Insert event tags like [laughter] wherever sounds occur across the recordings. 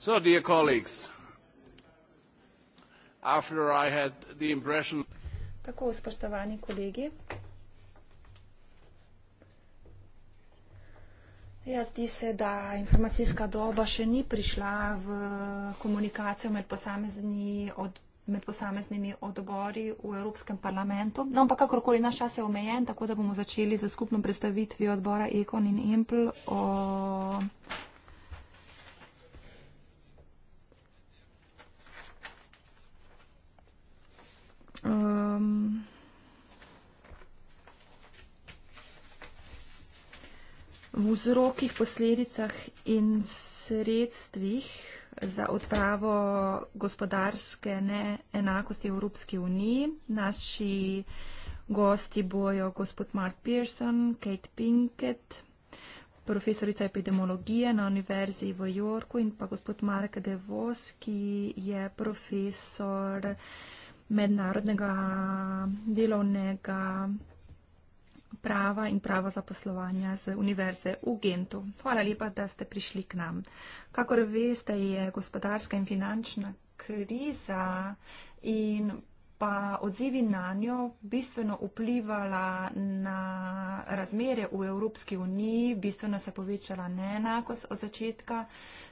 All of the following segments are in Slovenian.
So, dear colleagues, after I had the impression Tako, spoštovani kolegi. Ja, zdi se, da informacijska doba še ni prišla v komunikacijo med, posamezni od, med posameznimi odbori v Evropskem parlamentu. No, ampak kakorkoli naš čas je omejen, tako da bomo začeli z skupno predstavitvijo odbora Ekon in Impl o vzrokih, posledicah in sredstvih za odpravo gospodarske neenakosti v Evropski uniji. Naši gosti bojo gospod Mark Pearson, Kate Pinkett, profesorica epidemiologije na Univerzi v Jorku in pa gospod Mark Devos, ki je profesor mednarodnega delovnega prava in pravo zaposlovanja z Univerze v Gentu. Hvala lepa, da ste prišli k nam. Kakor veste, je gospodarska in finančna kriza in pa odzivi na njo bistveno vplivala na razmere v Evropski uniji, bistveno se povečala neenakost od začetka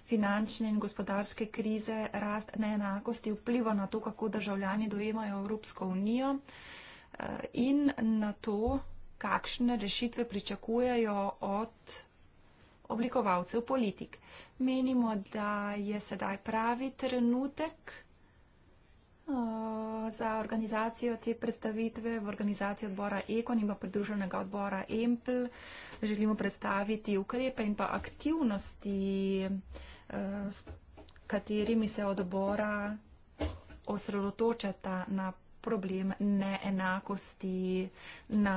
finančne in gospodarske krize, rast neenakosti vpliva na to, kako državljani dojemajo Evropsko unijo eh, in na to, kakšne rešitve pričakujejo od oblikovalcev politik. Menimo, da je sedaj pravi trenutek eh, za organizacijo te predstavitve v organizaciji odbora Ekon in pa pridruženega odbora Empl. Želimo predstaviti ukrepe in pa aktivnosti, eh, s katerimi se odbora osredotočata na problem neenakosti, na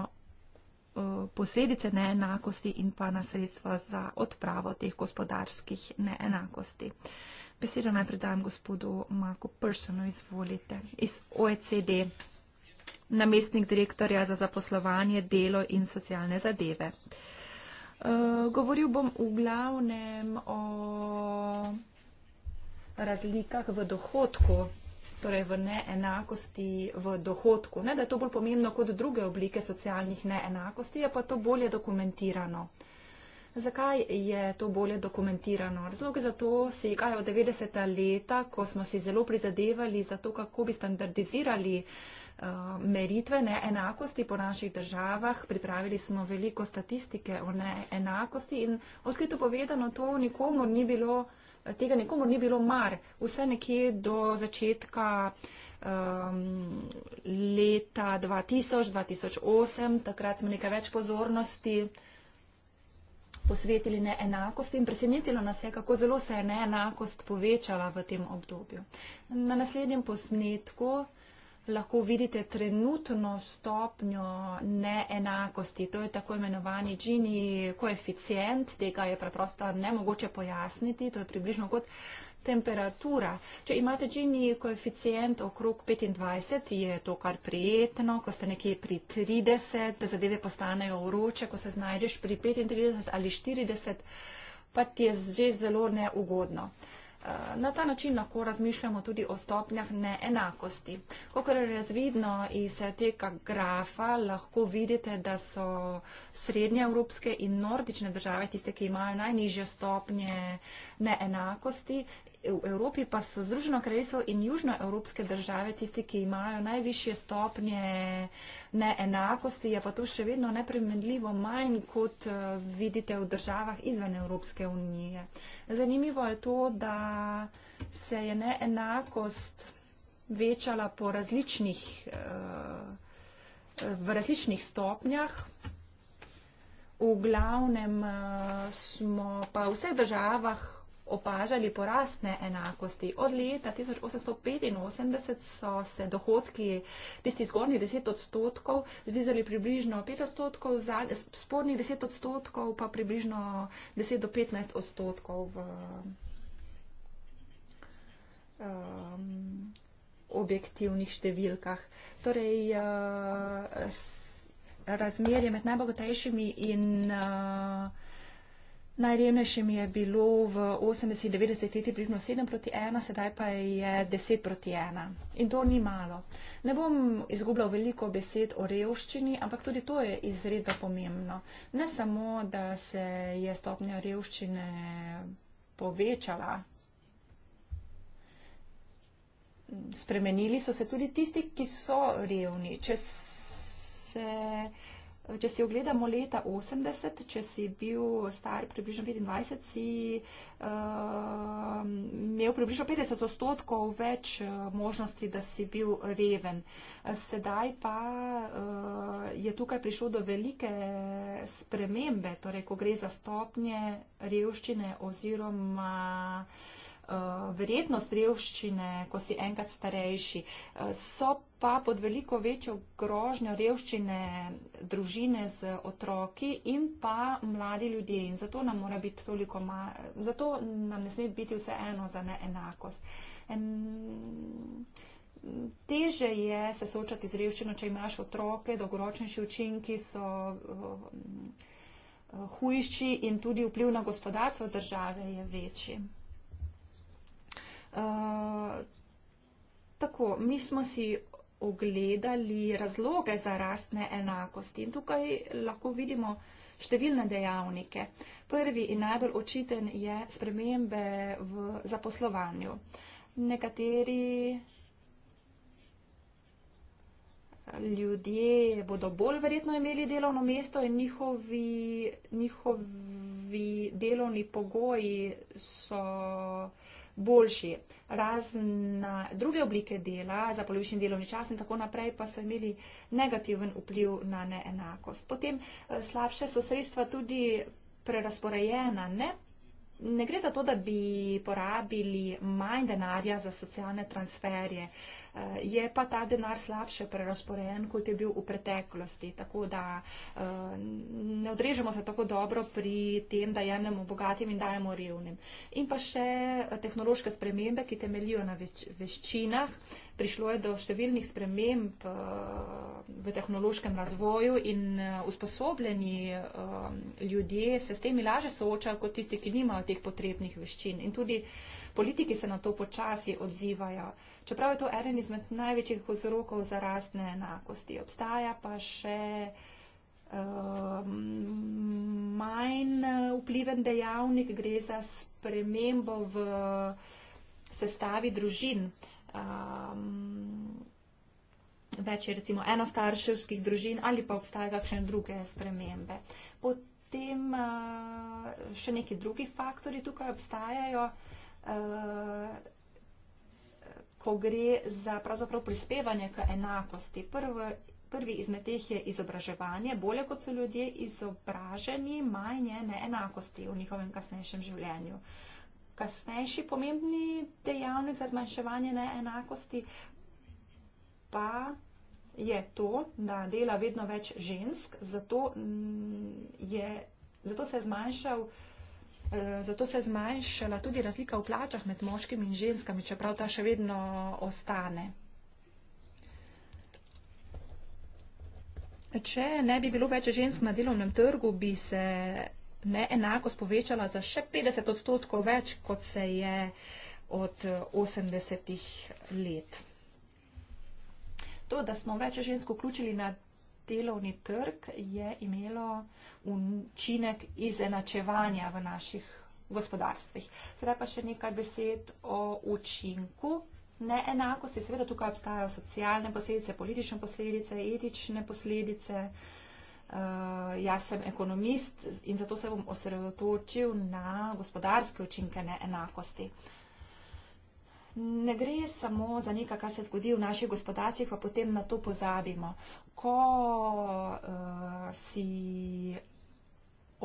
eh, posledice neenakosti in pa na sredstva za odpravo teh gospodarskih neenakosti. Besedo najprej dajem gospodu Marku Personu, izvolite, iz OECD, namestnik direktorja za zaposlovanje, delo in socialne zadeve. Eh, govoril bom v glavnem o razlikah v dohodku torej v neenakosti v dohodku. Ne, da je to bolj pomembno kot druge oblike socialnih neenakosti, je pa to bolje dokumentirano. Zakaj je to bolje dokumentirano? Razlog za to segajo od 90. leta, ko smo si zelo prizadevali za to, kako bi standardizirali eh, meritve neenakosti po naših državah. Pripravili smo veliko statistike o neenakosti in odkrito povedano, to nikomu ni bilo tega nikomu ni bilo mar. Vse nekje do začetka um, leta 2000-2008, takrat smo nekaj več pozornosti posvetili neenakosti in presenetilo nas je, kako zelo se je neenakost povečala v tem obdobju. Na naslednjem posnetku lahko vidite trenutno stopnjo neenakosti. To je tako imenovani Gini koeficient, tega je preprosto nemogoče pojasniti, to je približno kot temperatura. Če imate Gini koeficient okrog 25, je to kar prijetno, ko ste nekje pri 30, da zadeve postanejo vroče, ko se znajdeš pri 35 ali 40, pa ti je že zelo neugodno. Na ta način lahko razmišljamo tudi o stopnjah neenakosti. Kako je razvidno iz eh, tega grafa, lahko vidite, da so srednje evropske in nordične države tiste, ki imajo najnižje stopnje neenakosti v Evropi pa so Združeno kraljestvo in južnoevropske države tisti, ki imajo najvišje stopnje neenakosti, je pa to še vedno nepremenljivo manj, kot eh, vidite v državah izven Evropske unije. Zanimivo je to, da se je neenakost večala po različnih, eh, v različnih stopnjah. V glavnem eh, smo pa v vseh državah opažali porastne enakosti. Od leta 1885 so se dohodki tistih zgornjih 10 odstotkov zvizali približno 5 odstotkov, spornjih 10 odstotkov pa približno 10 do 15 odstotkov v um, objektivnih številkah. Torej, uh, razmerje med najbogatejšimi in uh, Najrevnejšim je bilo v 80-90 letih približno 7 proti 1, sedaj pa je 10 proti 1. In to ni malo. Ne bom izgubljal veliko besed o revščini, ampak tudi to je izredno pomembno. Ne samo, da se je stopnja revščine povečala, spremenili so se tudi tisti, ki so revni. Če se Če si ogledamo leta 80, če si bil star približno 25, si uh, imel približno 50 odstotkov več uh, možnosti, da si bil reven. Sedaj pa uh, je tukaj prišlo do velike spremembe, torej ko gre za stopnje revščine oziroma. Uh, Eh, verjetnost revščine, ko si enkrat starejši. Eh, so pa pod veliko večjo grožnjo revščine družine z otroki in pa mladi ljudje. In zato nam, mora biti toliko ma, zato nam ne sme biti vse eno za neenakost. Teže je se soočati z revščino, če imaš otroke, dolgoročnejši učinki so eh, hujši in tudi vpliv na gospodarstvo države je večji. Eh, tako, mi smo si ogledali razloge za rastne enakosti in tukaj lahko vidimo številne dejavnike. Prvi in najbolj očiten je spremembe v zaposlovanju. Nekateri ljudje bodo bolj verjetno imeli delovno mesto in njihovi, njihovi delovni pogoji so uh, boljši. Razna druge oblike dela, za polovični delovni čas in tako naprej, pa so imeli negativen vpliv na neenakost. Potem eh, slabše so sredstva tudi prerasporejena. Ne? ne gre za to, da bi porabili manj denarja za socialne transferje. Eh, je pa ta denar slabše prerasporejen, kot je bil v preteklosti. Tako da eh, ne odrežemo se tako dobro pri tem, da jemljemo bogatim in dajemo revnim. In pa še eh, tehnološke spremembe, ki temeljijo na več, veščinah. Prišlo je do številnih sprememb v tehnološkem razvoju in usposobljeni ljudje se s temi laže soočajo kot tisti, ki nimajo teh potrebnih veščin. In tudi politiki se na to počasi odzivajo. Čeprav je to eden izmed največjih vzrokov za rast neenakosti, obstaja pa še um, manj vpliven dejavnik, gre za spremembo v sestavi družin. Um, več je recimo enostarševskih družin ali pa obstaja kakšne druge spremembe. Potem eh, še neki drugi faktori tukaj obstajajo ko gre za pravzaprav prispevanje k enakosti. Prvo, prvi izmed teh je izobraževanje. Bolje kot so ljudje izobraženi, manje neenakosti v njihovem kasnejšem življenju. Kasnejši pomembni dejavnik za zmanjševanje neenakosti pa je to, da dela vedno več žensk, zato, mm, je, zato se je zmanjšal uh, Eh, zato se je zmanjšala tudi razlika v plačah med moškimi in ženskami, čeprav ta še vedno ostane. Če ne bi bilo več žensk na delovnem trgu, bi se neenakost povečala za še 50 odstotkov več, kot se je od 80 let. To, da smo več žensk vključili na delovni trg je imelo učinek izenačevanja v naših gospodarstvih. Sedaj pa še nekaj besed o učinku. Neenakosti, seveda tukaj obstajajo socialne posledice, politične posledice, etične posledice. Uh, jaz sem ekonomist in zato se bom osredotočil na gospodarske učinke neenakosti. Uh, ne gre samo za nekaj, kar se zgodi v naših gospodarstvih, pa potem na to pozabimo. Ko uh, si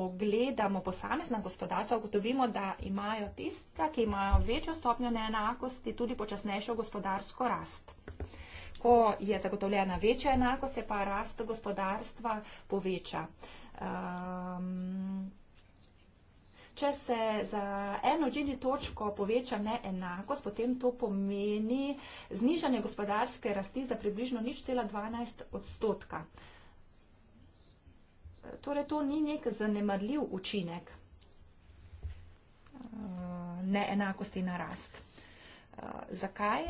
ogledamo posamezna gospodarstva, ugotovimo, da imajo tista, ki imajo večjo stopnjo neenakosti, tudi počasnejšo gospodarsko rast. Ko je zagotovljena večja enakost, se pa rast gospodarstva poveča. Um, Če se za eno odžini točko poveča neenakost, potem to pomeni znižanje gospodarske rasti za približno nič cela 12 odstotka. Torej, to ni nek zanemrljiv učinek eh, neenakosti na rast. Eh, zakaj?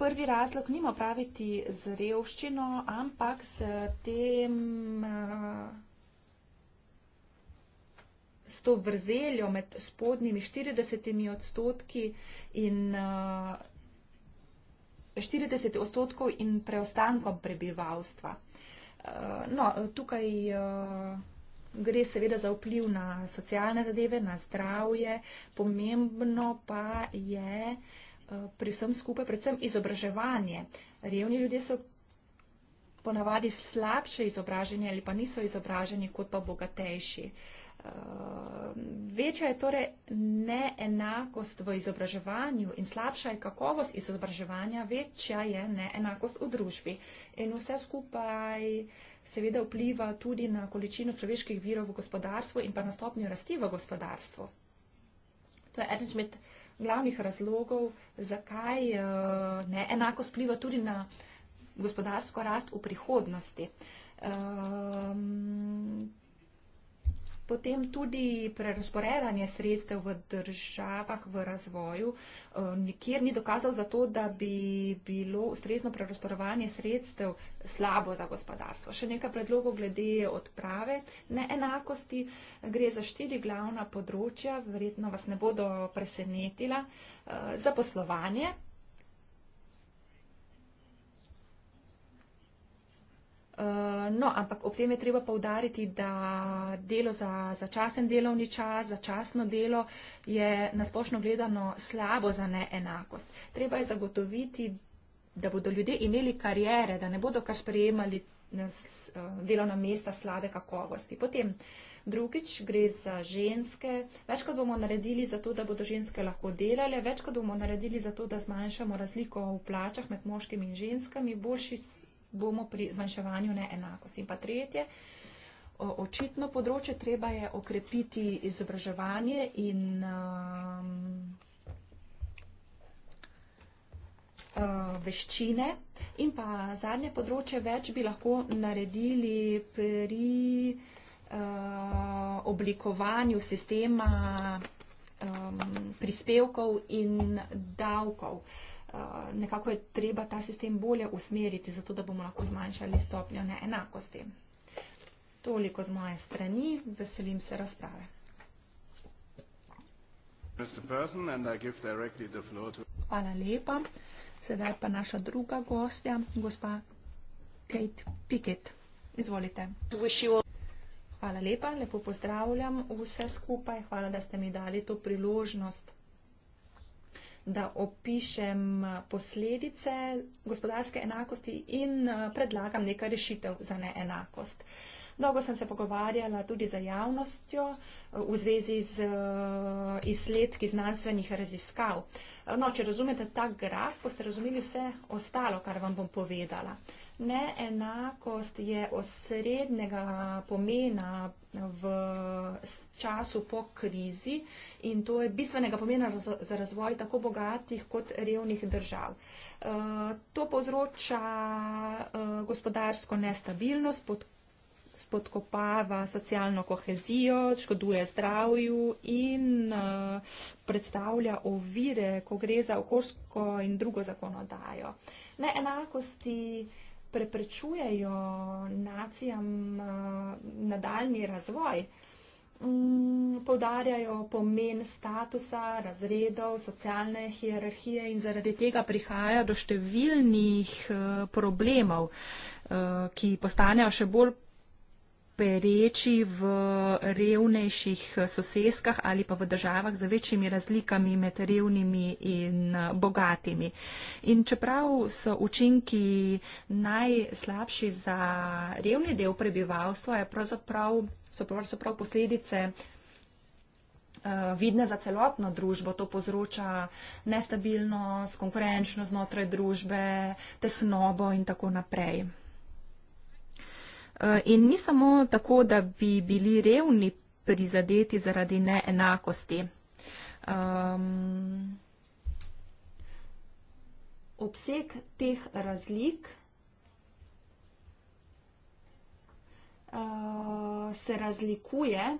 Prvi razlog nima praviti z revščino, ampak s tem eh, s to vrzeljo med spodnjimi 40 odstotki in uh, eh, 40 odstotkov in preostankom prebivalstva. Uh, no, tukaj uh, gre seveda za vpliv na socialne zadeve, na zdravje, pomembno pa je uh, pri vsem skupaj predvsem izobraževanje. Revni ljudje so ponavadi slabše izobraženi ali pa niso izobraženi kot pa bogatejši. Uh, Ehm, večja je torej neenakost v izobraževanju in slabša je kakovost izobraževanja, večja je neenakost v družbi. In vse skupaj seveda vpliva tudi na količino človeških virov v gospodarstvu in pa na stopnjo rasti v gospodarstvu. To je eden izmed glavnih razlogov, zakaj eh, neenakost vpliva tudi na gospodarsko rast v prihodnosti. Ehm, Potem tudi prerasporedanje sredstev v državah v razvoju. Eh, nikjer ni dokazal za to, da bi bilo ustrezno prerasporovanje sredstev slabo za gospodarstvo. Še nekaj predlogov glede odprave neenakosti. Gre za štiri glavna področja, verjetno vas ne bodo presenetila. Eh, Zaposlovanje, Eh, no, ampak ob tem je treba povdariti, da delo za začasen delovni čas, začasno delo je nasplošno gledano slabo za neenakost. Treba je zagotoviti, da bodo ljudje imeli karijere, da ne bodo kar sprejemali eh, eh, delovna mesta slabe kakovosti. Potem drugič gre za ženske. Večkrat bomo naredili za to, da bodo ženske lahko delale, večkrat bomo naredili za to, da zmanjšamo razliko v plačah med moškimi in ženskami. Boljši bomo pri zmanjševanju neenakosti. In pa tretje, očitno področje treba je okrepiti izobraževanje in um, uh, veščine in pa zadnje področje več bi lahko naredili pri uh, oblikovanju sistema um, prispevkov in davkov. Uh, Eh, nekako je treba ta sistem bolje usmeriti, zato da bomo lahko zmanjšali stopnjo neenakosti. Toliko z moje strani, veselim se razprave. Hvala lepa. Sedaj pa naša druga gostja, gospa Kate Pickett. Izvolite. Hvala lepa, lepo pozdravljam vse skupaj. Hvala, da ste mi dali to priložnost da opišem eh, posledice gospodarske enakosti in eh, predlagam nekaj rešitev za neenakost. Dolgo sem se pogovarjala tudi za javnostjo eh, v zvezi z izsledki znanstvenih raziskav. No, če razumete ta graf, boste razumeli vse ostalo, kar vam bom povedala. Neenakost je osrednjega pomena v času po krizi in to je bistvenega pomena za razvoj tako bogatih kot revnih držav. Eh, to povzroča eh, gospodarsko nestabilnost, spodkopava socialno kohezijo, škoduje zdravju in eh, predstavlja ovire, ko gre za okoljsko in drugo zakonodajo. Neenakosti preprečujejo nacijam eh, nadaljni razvoj. Mm, Povdarjajo pomen statusa, razredov, socialne hierarhije in zaradi tega prihaja do številnih eh, problemov, eh, ki postanejo še bolj pereči v revnejših soseskah ali pa v državah z večjimi razlikami med revnimi in eh, bogatimi. In čeprav so učinki najslabši za revni del prebivalstva, pravzaprav, so pravzaprav posledice eh, vidne za celotno družbo. To povzroča nestabilnost, konkurenčnost znotraj družbe, tesnobo in tako naprej. Eh, in ni samo tako, da bi bili revni prizadeti zaradi neenakosti. Um, obseg teh razlik uh, se razlikuje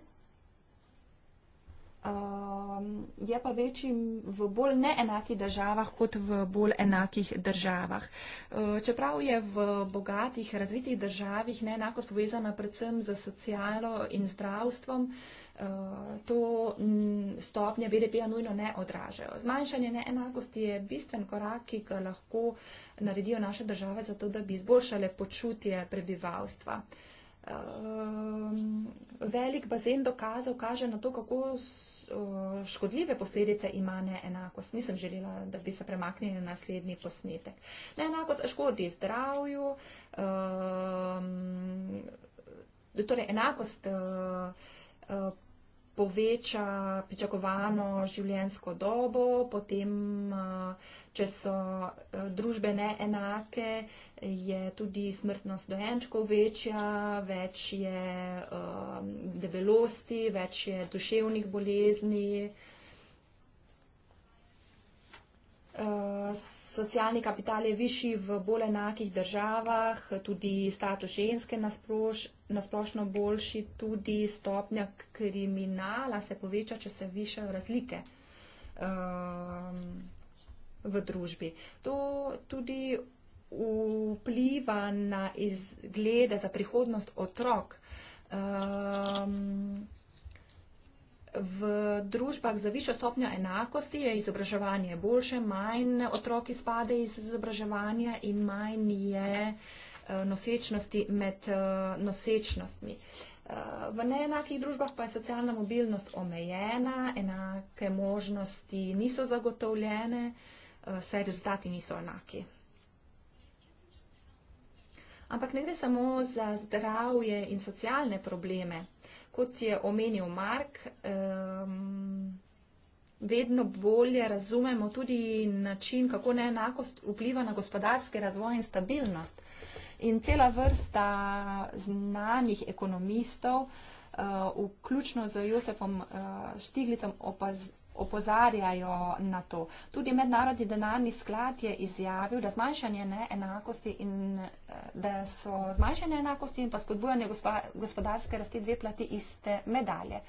Um, je pa večji v bolj neenakih državah kot v bolj enakih državah. Uh, čeprav je v bogatih, razvitih državih neenakost povezana predvsem z socialno in zdravstvom, uh, to m, stopnje BDP-ja nujno ne odražajo. Zmanjšanje neenakosti je bistven korak, ki ga lahko naredijo naše države zato, da bi izboljšale počutje prebivalstva. Uh, velik bazen dokazov kaže na to, kako so škodljive posledice ima neenakost. Nisem želela, da bi se premaknili na naslednji posnetek. Neenakost škodi zdravju. Um, torej, enakost uh, uh, poveča pričakovano življenjsko dobo, potem, če so družbe neenake, je tudi smrtnost dojenčkov večja, več je debelosti, več je duševnih bolezni socialni kapital je višji v bolj enakih državah, tudi status ženske nasploš, nasplošno boljši, tudi stopnja kriminala se poveča, če se višajo razlike um, v družbi. To tudi vpliva na izglede za prihodnost otrok. Um, V družbah za višjo stopnjo enakosti je izobraževanje boljše, manj otroki spade iz izobraževanja in manj je eh, nosečnosti med eh, nosečnostmi. Eh, v neenakih družbah pa je socialna mobilnost omejena, enake možnosti niso zagotovljene, saj rezultati niso enaki. Ampak ne gre samo za zdravje in socialne probleme kot je omenil Mark, um, vedno bolje razumemo tudi način, kako neenakost vpliva na gospodarski razvoj in stabilnost. In cela vrsta znanih ekonomistov, uh, vključno z Josefom uh, eh, Štiglicom, opaz, opozarjajo na to. Tudi mednarodni denarni sklad je izjavil, da zmanjšanje neenakosti in eh, da so zmanjšanje enakosti in pa spodbujanje gospodarske rasti dve plati iste medalje.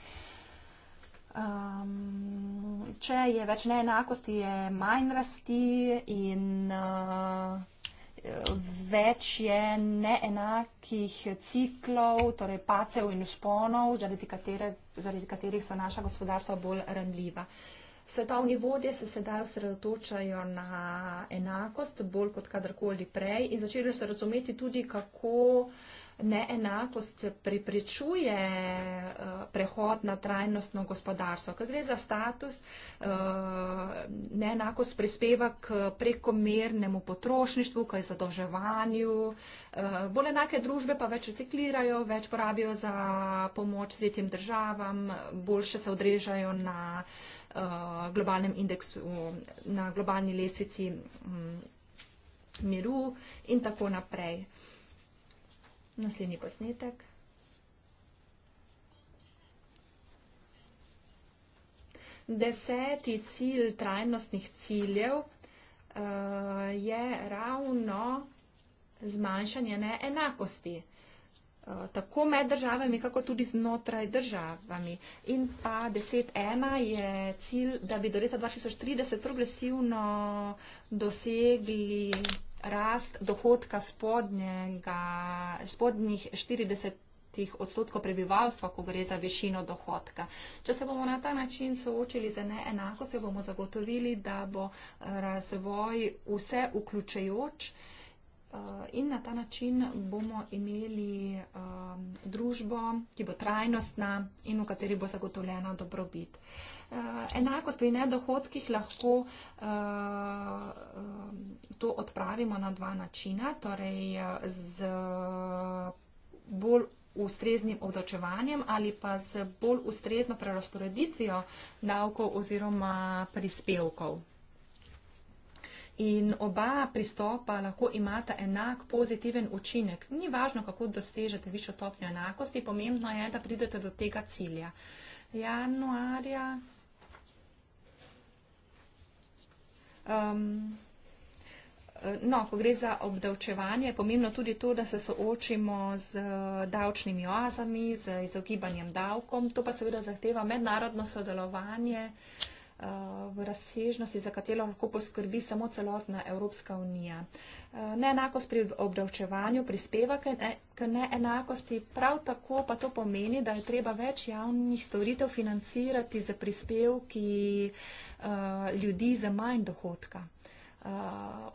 Um, če je več neenakosti, je manj rasti in uh, več je neenakih ciklov, torej pacev in usponov, zaradi, katere, zaradi katerih so naša gospodarstva bolj ranljiva. Svetovni vodje se sedaj osredotočajo na enakost bolj kot kadarkoli prej in začeli so razumeti tudi, kako uh, neenakost preprečuje eh, prehod na trajnostno gospodarstvo. Ko gre za status, eh, neenakost prispeva k prekomernemu potrošništvu, k zadolževanju. Eh, bolj enake družbe pa več reciklirajo, več porabijo za pomoč tretjim državam, boljše se odrežajo na globalnem indeksu, na globalni lesvici mm, miru in tako naprej. Uh, Naslednji posnetek. Deseti cilj trajnostnih ciljev uh, je ravno zmanjšanje neenakosti, uh, tako med državami, kako tudi znotraj državami. In pa 10.1 je cilj, da bi do leta 2030 progresivno dosegli rast dohodka spodnjega, spodnjih 40 tih odstotkov prebivalstva, ko gre za višino dohodka. Če se bomo na ta način soočili za neenakost, bomo zagotovili, da bo eh, razvoj vse vključejoč. Eh, in na ta način bomo imeli eh, družbo, ki bo trajnostna in v kateri bo zagotovljena dobrobit. Eh, enako pri nedohodkih lahko to odpravimo na dva načina, torej z bolj ustreznim obdočevanjem ali pa z bolj ustrezno prerasporeditvijo davkov oziroma prispevkov. In oba pristopa lahko imata enak pozitiven učinek. Ni važno, kako dosežete višjo stopnjo enakosti, pomembno je, da pridete do tega cilja. Januarja. Um, no, ko gre za obdavčevanje, je pomembno tudi to, da se soočimo z eh, davčnimi oazami, z izogibanjem davkom. To pa seveda zahteva mednarodno sodelovanje. Uh, v razsežnosti, za katero lahko poskrbi samo celotna Evropska unija. Eh, neenakost pri obdavčevanju prispeva k neenakosti, prav tako pa to pomeni, da je treba več javnih storitev financirati za prispevki eh, ljudi za manj dohodka. Eh,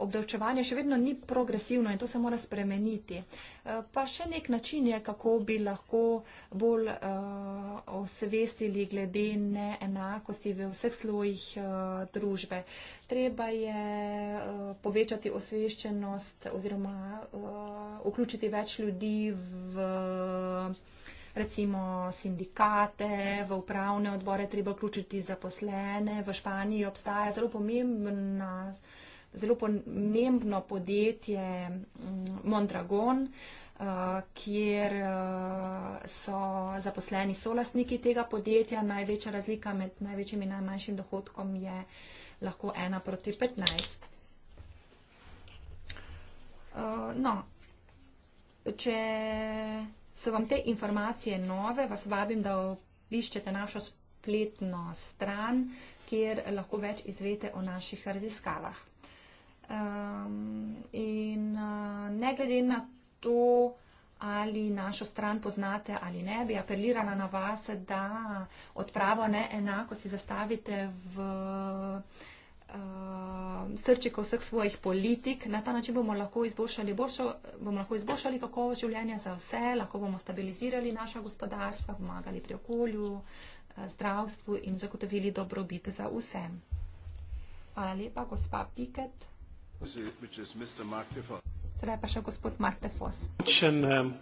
obdavčevanje še vedno ni progresivno in to se mora spremeniti. Eh, pa še nek način je, kako bi lahko bolj eh, osvestili glede neenakosti v vseh slojih družbe. Treba je povečati osveščenost oziroma vključiti več ljudi v recimo sindikate, v upravne odbore treba vključiti zaposlene. V Španiji obstaja zelo pomembna zelo pomembno podjetje mm, Mondragon, eh, kjer eh, so zaposleni solastniki tega podjetja. Največja razlika med največjim in najmanjšim dohodkom je lahko ena proti 15. Eh, no, če so vam te informacije nove, vas vabim, da obiščete našo spletno stran, kjer lahko več izvete o naših raziskavah. Um, in uh, ne glede na to, ali našo stran poznate ali ne, bi apelirala na vas, da odpravo ne enako si zastavite v uh, eh, srčiko vseh svojih politik. Na ta način bomo lahko izboljšali, boljšo, bomo lahko izboljšali kakovo življenja za vse, lahko bomo stabilizirali naša gospodarstva, pomagali pri okolju, eh, zdravstvu in zagotovili dobrobit za vse. Hvala lepa, gospa Piket. Sedaj pa še gospod Marte Fos. Um,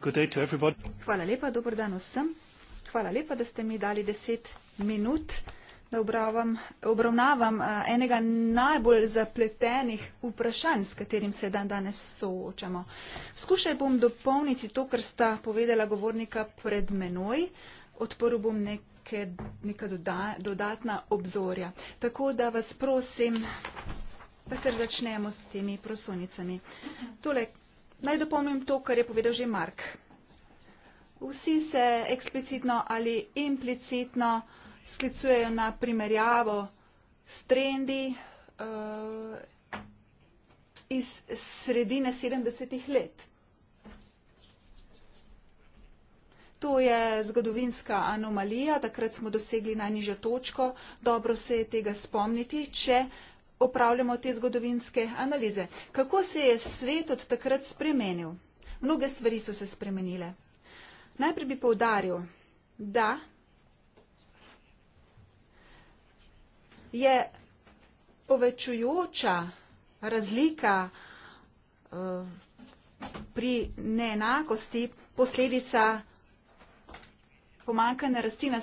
Hvala lepa, dobro dan vsem. Hvala lepa, da ste mi dali deset minut, da obravam, obravnavam uh, enega najbolj zapletenih vprašanj, s katerim se dan danes soočamo. Skušaj bom dopolniti to, kar sta povedala govornika pred menoj. Odprl bom neke, neka doda, dodatna obzorja. Tako da vas prosim, pa kar začnemo s temi prosonicami. Tole, naj dopolnim to, kar je povedal že Mark. Vsi se eksplicitno ali implicitno sklicujejo na primerjavo s trendi uh, iz sredine 70-ih let. To je zgodovinska anomalija, takrat smo dosegli najnižjo točko, dobro se je tega spomniti, če uh, opravljamo te zgodovinske analize. Kako se je svet od takrat spremenil? Mnoge stvari so se spremenile. Najprej bi povdaril, da je povečujoča razlika eh, pri neenakosti posledica pomankanja rasti na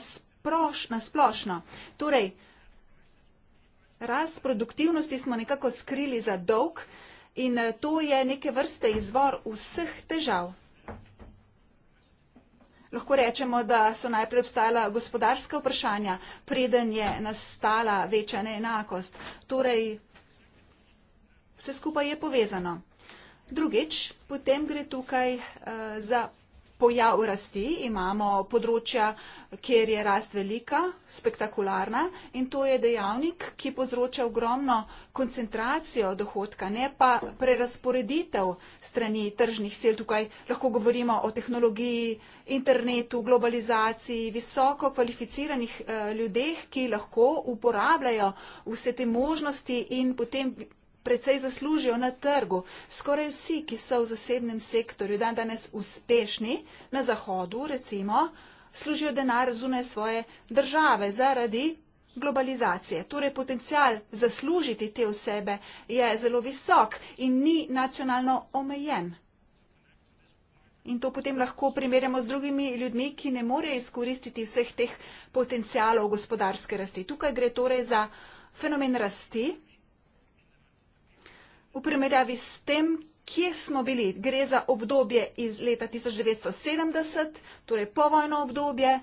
splošno. Torej, rast produktivnosti smo nekako skrili za dolg in eh, to je neke vrste izvor vseh težav. Lahko rečemo, da so najprej obstajala gospodarska vprašanja, preden je nastala večja neenakost. Torej, vse skupaj je povezano. Drugič, potem gre tukaj uh, za pojav rasti, imamo področja, kjer je rast velika, spektakularna in to je dejavnik, ki povzroča ogromno koncentracijo dohodka, ne pa prerasporeditev strani tržnih sil. Tukaj lahko govorimo o tehnologiji, internetu, globalizaciji, visoko kvalificiranih eh, ljudeh, ki lahko uporabljajo vse te možnosti in potem precej zaslužijo na trgu. Skoraj vsi, ki so v zasebnem sektorju dan danes uspešni na Zahodu, recimo, služijo denar zune svoje države zaradi globalizacije. Torej, potencial zaslužiti te osebe je zelo visok in ni nacionalno omejen. In to potem lahko primerjamo z drugimi ljudmi, ki ne morejo izkoristiti vseh teh potencialov gospodarske rasti. Tukaj gre torej za fenomen rasti, v primerjavi s tem, kje smo bili. Gre za obdobje iz leta 1970, torej povojno obdobje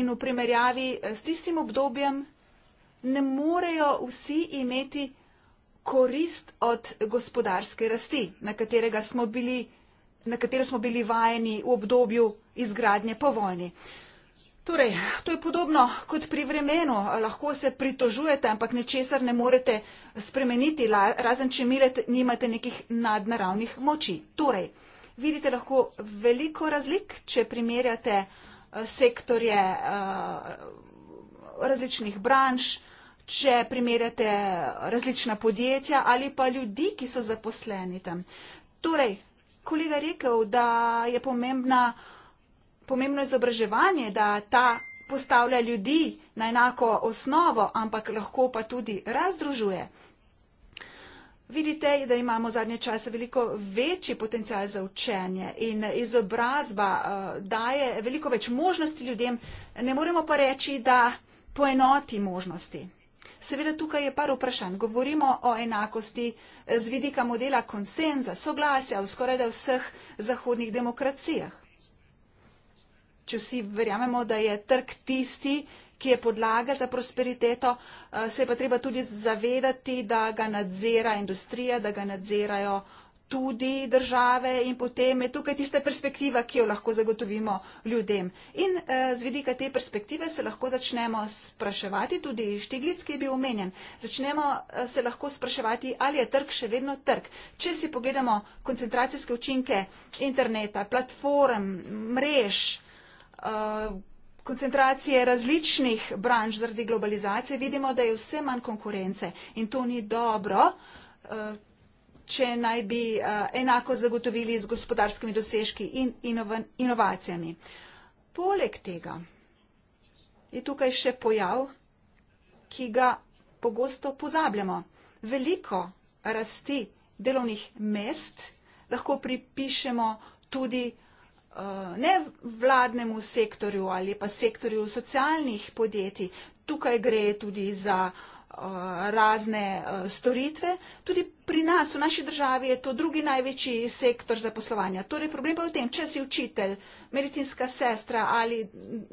in v primerjavi eh, s tistim obdobjem ne morejo vsi imeti korist od gospodarske rasti, na, smo bili, na katero smo bili vajeni v obdobju izgradnje po vojni. Torej, to je podobno kot pri vremenu. Lahko se pritožujete, ampak nečesar ne morete spremeniti, razen če milet nimate nekih nadnaravnih moči. Torej, vidite lahko veliko razlik, če primerjate eh, sektorje eh, različnih branž, če primerjate eh, različna podjetja ali pa ljudi, ki so zaposleni tam. Torej, kolega rekel, da je pomembna pomembno izobraževanje, da ta postavlja ljudi na enako osnovo, ampak lahko pa tudi razdružuje. Vidite, da imamo zadnje čase veliko večji potencial za učenje in izobrazba eh, daje veliko več možnosti ljudem, ne moremo pa reči, da poenoti možnosti. Seveda tukaj je par vprašanj. Govorimo o enakosti eh, z vidika modela konsenza, soglasja v skoraj da vseh zahodnih demokracijah če vsi verjamemo, da je trg tisti, ki je podlaga za prosperiteto, eh, se je pa treba tudi zavedati, da ga nadzira industrija, da ga nadzirajo tudi države in potem je tukaj tista perspektiva, ki jo lahko zagotovimo ljudem. In eh, z vidika te perspektive se lahko začnemo spraševati, tudi Štiglic, ki je bil omenjen, začnemo eh, se lahko spraševati, ali je trg še vedno trg. Če si pogledamo koncentracijske učinke interneta, platform, mrež, Eh, koncentracije različnih branž zaradi globalizacije, vidimo, da je vse manj konkurence in to ni dobro, eh, če naj bi eh, enako zagotovili z gospodarskimi dosežki in inovacijami. Poleg tega je tukaj še pojav, ki ga pogosto pozabljamo. Veliko rasti delovnih mest lahko pripišemo tudi vsega, Eh, ne vladnemu sektorju ali pa sektorju socialnih podjetij. Tukaj gre tudi za uh, Eh, razne eh, storitve. Tudi pri nas, v naši državi, je to drugi največji sektor zaposlovanja. Torej, problem pa je v tem, če si učitelj, medicinska sestra ali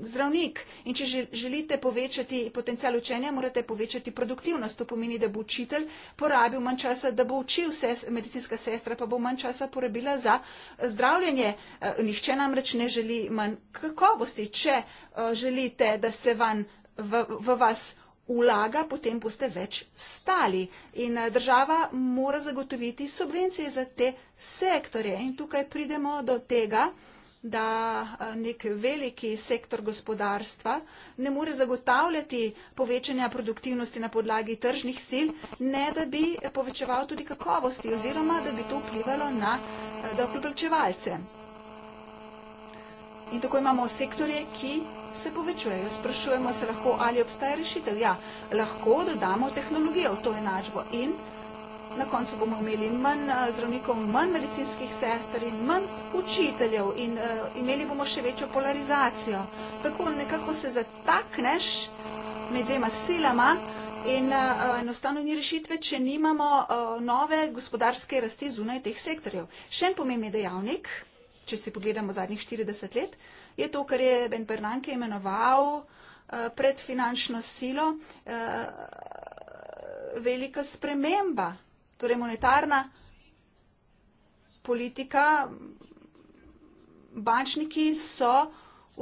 zdravnik in če želite povečati potencial učenja, morate povečati produktivnost. To pomeni, da bo učitelj porabil manj časa, da bo učil se, medicinska sestra pa bo manj časa porabila za eh, zdravljenje. Nihče namreč ne želi manj kakovosti, če želite, da se van v, v vas vlaga, potem boste več stali. In eh, država mora zagotoviti subvencije za te sektorje. In tukaj pridemo do tega, da eh, nek veliki sektor gospodarstva ne more zagotavljati povečanja produktivnosti na podlagi tržnih sil, ne da bi povečeval tudi kakovosti oziroma da bi to vplivalo na eh, davkoplačevalce. In tako imamo sektorje, ki se povečujejo. Sprašujemo se lahko, ali obstaja rešitev. Ja, lahko dodamo tehnologijo v to enačbo in na koncu bomo imeli manj eh, zdravnikov, manj medicinskih sester in manj učiteljev in uh, imeli bomo še večjo polarizacijo. Tako nekako se zatakneš med dvema silama in uh, enostavno ni rešitve, če nimamo uh, nove gospodarske rasti zunaj teh sektorjev. Še en pomembni dejavnik če si pogledamo zadnjih 40 let, je to, kar je Ben Bernanke imenoval eh, pred finančno silo eh, velika sprememba. Torej, monetarna politika, bančniki so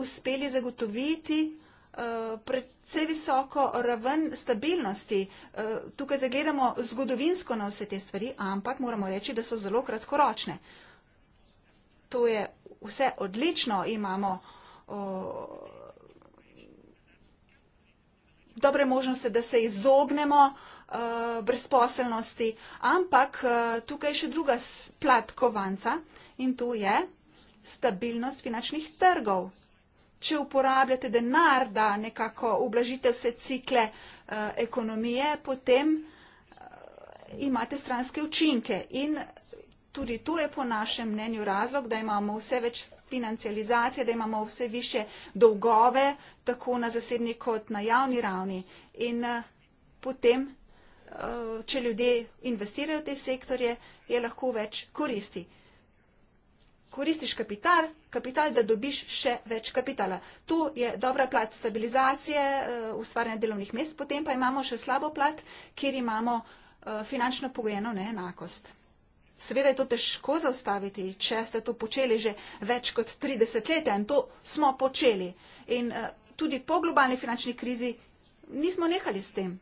uspeli zagotoviti eh, predvsej visoko raven stabilnosti. Tukaj zagledamo zgodovinsko na vse te stvari, ampak moramo reči, da so zelo kratkoročne to je vse odlično, imamo o, dobre možnosti, da se izognemo o, brezposelnosti, ampak o, tukaj je še druga plat kovanca in to je stabilnost finančnih trgov. Če uporabljate denar, da nekako ublažite vse cikle o, ekonomije, potem o, imate stranske učinke in tudi tu je po našem mnenju razlog, da imamo vse več financializacije, da imamo vse više dolgove, tako na zasebni kot na javni ravni. In eh, potem, eh, če ljudje investirajo v te sektorje, je lahko več koristi. Koristiš kapital, kapital, da dobiš še več kapitala. Tu je dobra plat stabilizacije, eh, ustvarjanja delovnih mest, potem pa imamo še slabo plat, kjer imamo finančno pogojeno neenakost. Seveda je to težko zaustaviti, če ste to počeli že več kot 30 let in to smo počeli. In eh, tudi po globalni finančni krizi nismo nehali s tem.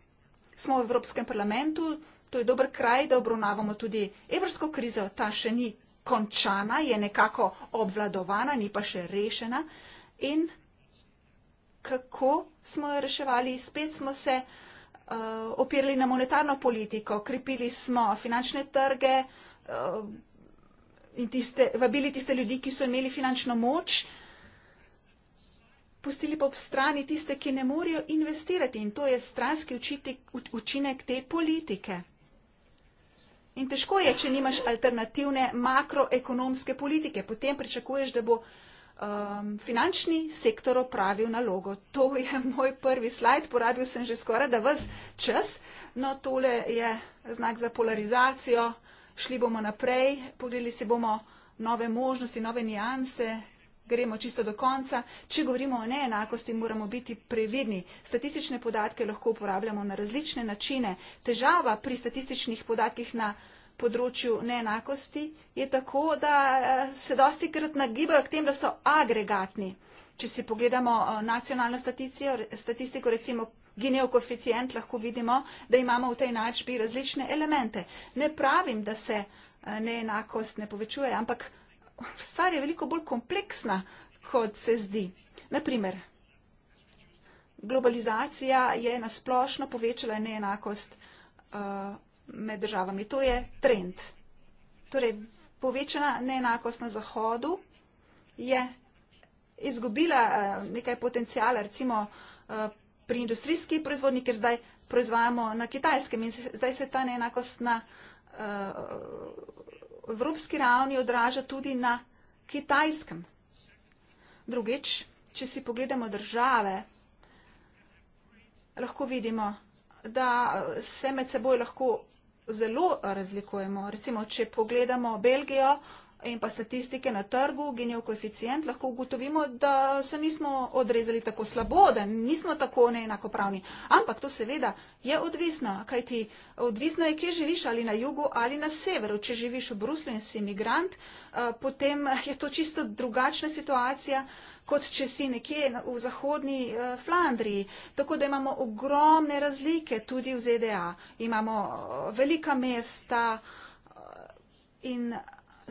Smo v Evropskem parlamentu, to je dober kraj, da obravnavamo tudi evropsko krizo, ta še ni končana, je nekako obvladovana, ni pa še rešena. In kako smo jo reševali? Spet smo se uh, opirali na monetarno politiko, krepili smo finančne trge, uh, Um, in tiste, vabili tiste ljudi, ki so imeli finančno moč, pustili pa ob strani tiste, ki ne morejo investirati. In to je stranski učitek, učinek te politike. In težko je, če nimaš alternativne makroekonomske politike. Potem pričakuješ, da bo um, finančni sektor opravil nalogo. To je [laughs] moj prvi slajd, porabil sem že skoraj da vse čas. No, tole je znak za polarizacijo šli bomo naprej, pogledali si bomo nove možnosti, nove nijanse, gremo čisto do konca. Če govorimo o neenakosti, moramo biti previdni. Statistične podatke lahko uporabljamo na različne načine. Težava pri statističnih podatkih na področju neenakosti je tako, da eh, se dosti krat nagibajo k tem, da so agregatni. Če si pogledamo eh, nacionalno statistiko, recimo Ginev koeficient lahko vidimo, da imamo v tej enačbi različne elemente. Ne pravim, da se eh, neenakost ne povečuje, ampak stvar je veliko bolj kompleksna, kot se zdi. Naprimer, globalizacija je nasplošno povečala neenakost uh, med državami. To je trend. Torej, povečana neenakost na Zahodu je izgubila uh, nekaj potencijala, recimo uh, pri industrijski proizvodnji, ker zdaj proizvajamo na kitajskem in zdaj se ta neenakost na uh, evropski ravni odraža tudi na kitajskem. Drugič, če si pogledamo države, lahko vidimo, da se med seboj lahko zelo razlikujemo. Recimo, če pogledamo Belgijo, in pa statistike na trgu, genijev koeficient, lahko ugotovimo, da se nismo odrezali tako slabo, da nismo tako neenakopravni. Ampak to seveda je odvisno, kajti odvisno je, kje živiš, ali na jugu ali na severu. Če živiš v Bruslu in si imigrant, eh, potem je to čisto drugačna situacija, kot če si nekje v zahodni eh, Flandriji. Tako da imamo ogromne razlike tudi v ZDA. Imamo eh, velika mesta in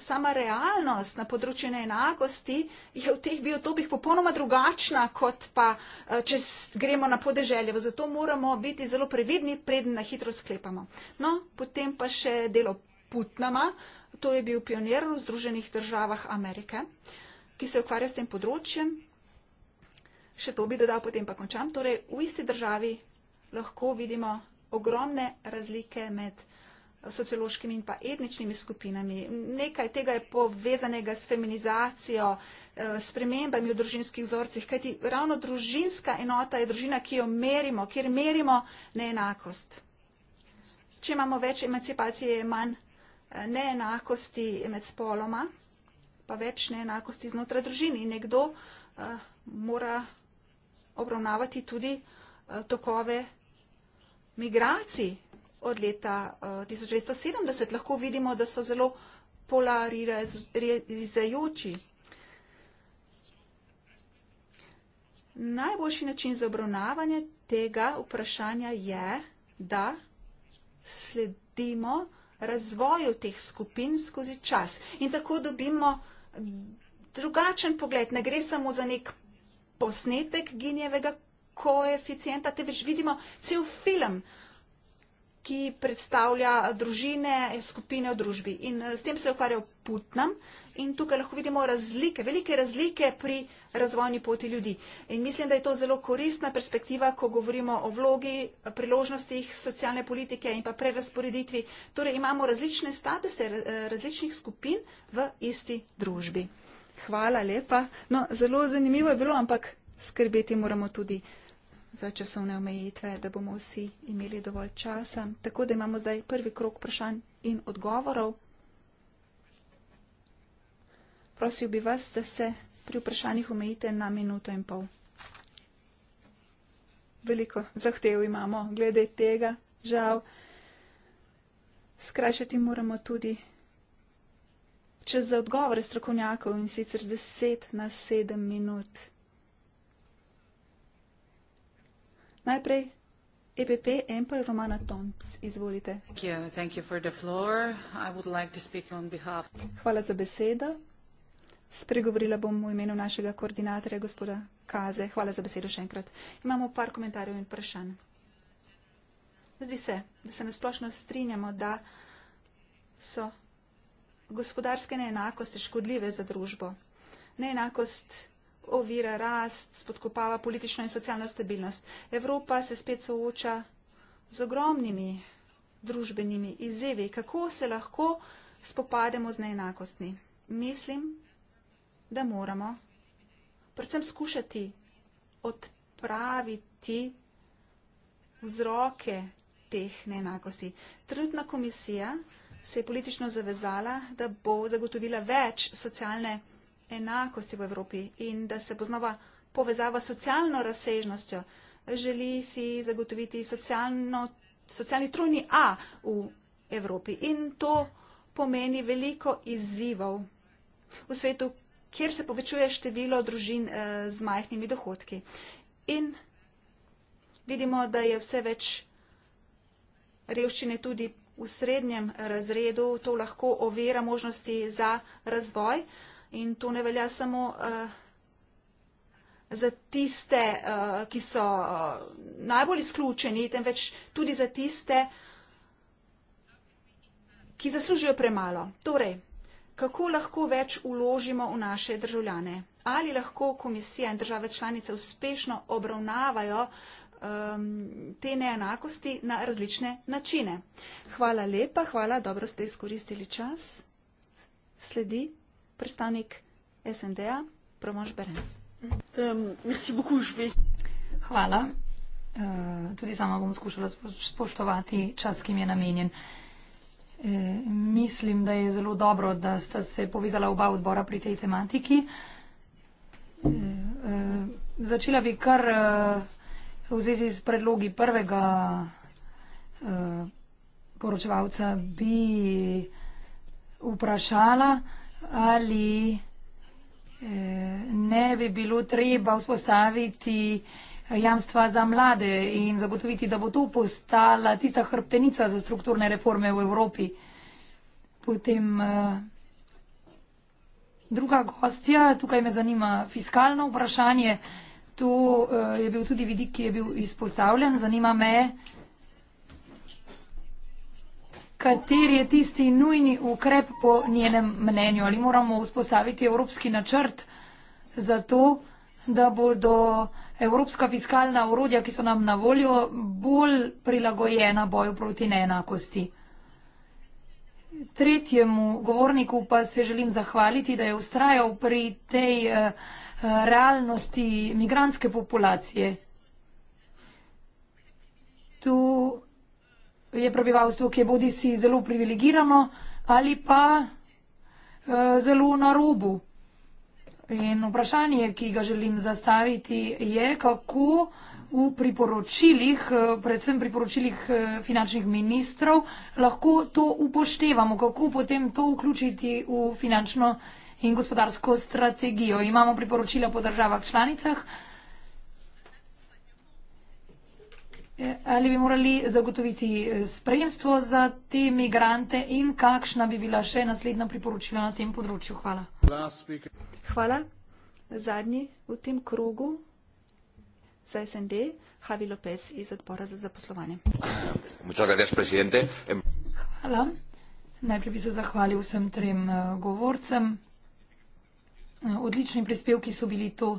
sama realnost na področju neenakosti je v teh biotopih popolnoma drugačna, kot pa eh, če gremo na podeželje. Zato moramo biti zelo previdni, preden na hitro sklepamo. No, potem pa še delo Putnama, to je bil pionir v Združenih državah Amerike, ki se ukvarja s tem področjem. Še to bi dodal, potem pa končam. Torej, v isti državi lahko vidimo ogromne razlike med sociološkimi in pa etničnimi skupinami. Nekaj tega je povezanega s feminizacijo, eh, s premembami v družinskih vzorcih, kajti ravno družinska enota je družina, ki jo merimo, kjer merimo neenakost. Če imamo več emancipacije, je manj eh, neenakosti med spoloma, pa več neenakosti znotraj družini. Nekdo eh, mora obravnavati tudi tokove migracij od leta uh, eh, 1970 lahko vidimo, da so zelo polarizajoči. Najboljši način za obravnavanje tega vprašanja je, da sledimo razvoju teh skupin skozi čas in tako dobimo drugačen pogled. Ne gre samo za nek posnetek ginjevega koeficienta, te več vidimo cel film. Uh, ki predstavlja družine, skupine v družbi. In eh, s tem se je ukvarjal Putnam in tukaj lahko vidimo razlike, velike razlike pri razvojni poti ljudi. In mislim, da je to zelo koristna perspektiva, ko govorimo o vlogi, eh, priložnostih socialne politike in pa prerasporeditvi. Torej imamo različne statuse eh, različnih skupin v isti družbi. Hvala lepa. No, zelo zanimivo je bilo, ampak skrbeti moramo tudi za časovne omejitve, da bomo vsi imeli dovolj časa. Tako da imamo zdaj prvi krok vprašanj in odgovorov. Prosil bi vas, da se pri vprašanjih omejite na minuto in pol. Veliko zahtev imamo glede tega, žal. Skrajšati moramo tudi čez za odgovore strokovnjakov in sicer z 10 na 7 minut. Najprej EPP Empel Romana Tomc, izvolite. Hvala za besedo. Spregovorila bom v imenu našega koordinatorja, gospoda Kaze. Hvala za besedo še enkrat. Imamo par komentarjev in vprašanj. Zdi se, da se nasplošno strinjamo, da so gospodarske neenakosti škodljive za družbo. Neenakost ovira rast, spodkopava politično in socialno stabilnost. Evropa se spet sooča z ogromnimi družbenimi izzivi. Kako se lahko spopademo z neenakostmi? Mislim, da moramo predvsem skušati odpraviti vzroke teh neenakosti. Trenutna komisija se je politično zavezala, da bo zagotovila več socialne enakosti v Evropi in da se bo znova povezava s socialno razsežnostjo. Želi si zagotoviti socialno, socialni trojni A v Evropi in to pomeni veliko izzivov v svetu, kjer se povečuje število družin eh, z majhnimi dohodki. In vidimo, da je vse več revščine tudi v srednjem razredu, to lahko ovira možnosti za razvoj. Uh, In to ne velja samo eh, za tiste, eh, ki so eh, najbolj izključeni, temveč tudi za tiste, ki zaslužijo premalo. Torej, kako lahko več uložimo v naše državljane? Ali lahko komisija in države članice uspešno obravnavajo um, te neenakosti na različne načine? Hvala lepa, hvala, dobro ste izkoristili čas. Sledi predstavnik SND-a, Promoš Berens. Hvala. Uh, tudi sama bom skušala spoštovati čas, ki mi je namenjen. Uh, mislim, da je zelo dobro, da sta se povezala oba odbora pri tej tematiki. Uh, začela bi kar v zvezi s predlogi prvega poročevalca bi vprašala, ali eh, ne bi bilo treba vzpostaviti jamstva za mlade in zagotoviti, da bo to postala tista hrbtenica za strukturne reforme v Evropi. Potem eh, druga gostja, tukaj me zanima fiskalno vprašanje. To eh, je bil tudi vidik, ki je bil izpostavljen. Zanima me, kateri je tisti nujni ukrep po njenem mnenju? Ali moramo vzpostaviti evropski načrt za to, da bodo evropska fiskalna urodja, ki so nam na voljo, bolj prilagojena boju proti neenakosti? Tretjemu govorniku pa se želim zahvaliti, da je ustrajal pri tej uh, realnosti migranske populacije. Tu je prebivalstvo, ki je bodi si zelo privilegirano ali pa e, zelo na robu. In vprašanje, ki ga želim zastaviti, je, kako v priporočilih, eh, predvsem priporočilih eh, finančnih ministrov, lahko to upoštevamo, kako potem to vključiti v finančno in gospodarsko strategijo. Imamo priporočila po državah članicah, Ali bi morali zagotoviti eh, spremstvo za te migrante in kakšna bi bila še naslednja priporočila na tem področju? Hvala. Hvala. Zadnji v tem krogu za SND, Javi Lopez iz odbora za zaposlovanje. Hvala. Najprej bi se zahvalil vsem trem eh, govorcem. Eh, odlični prispevki so bili to.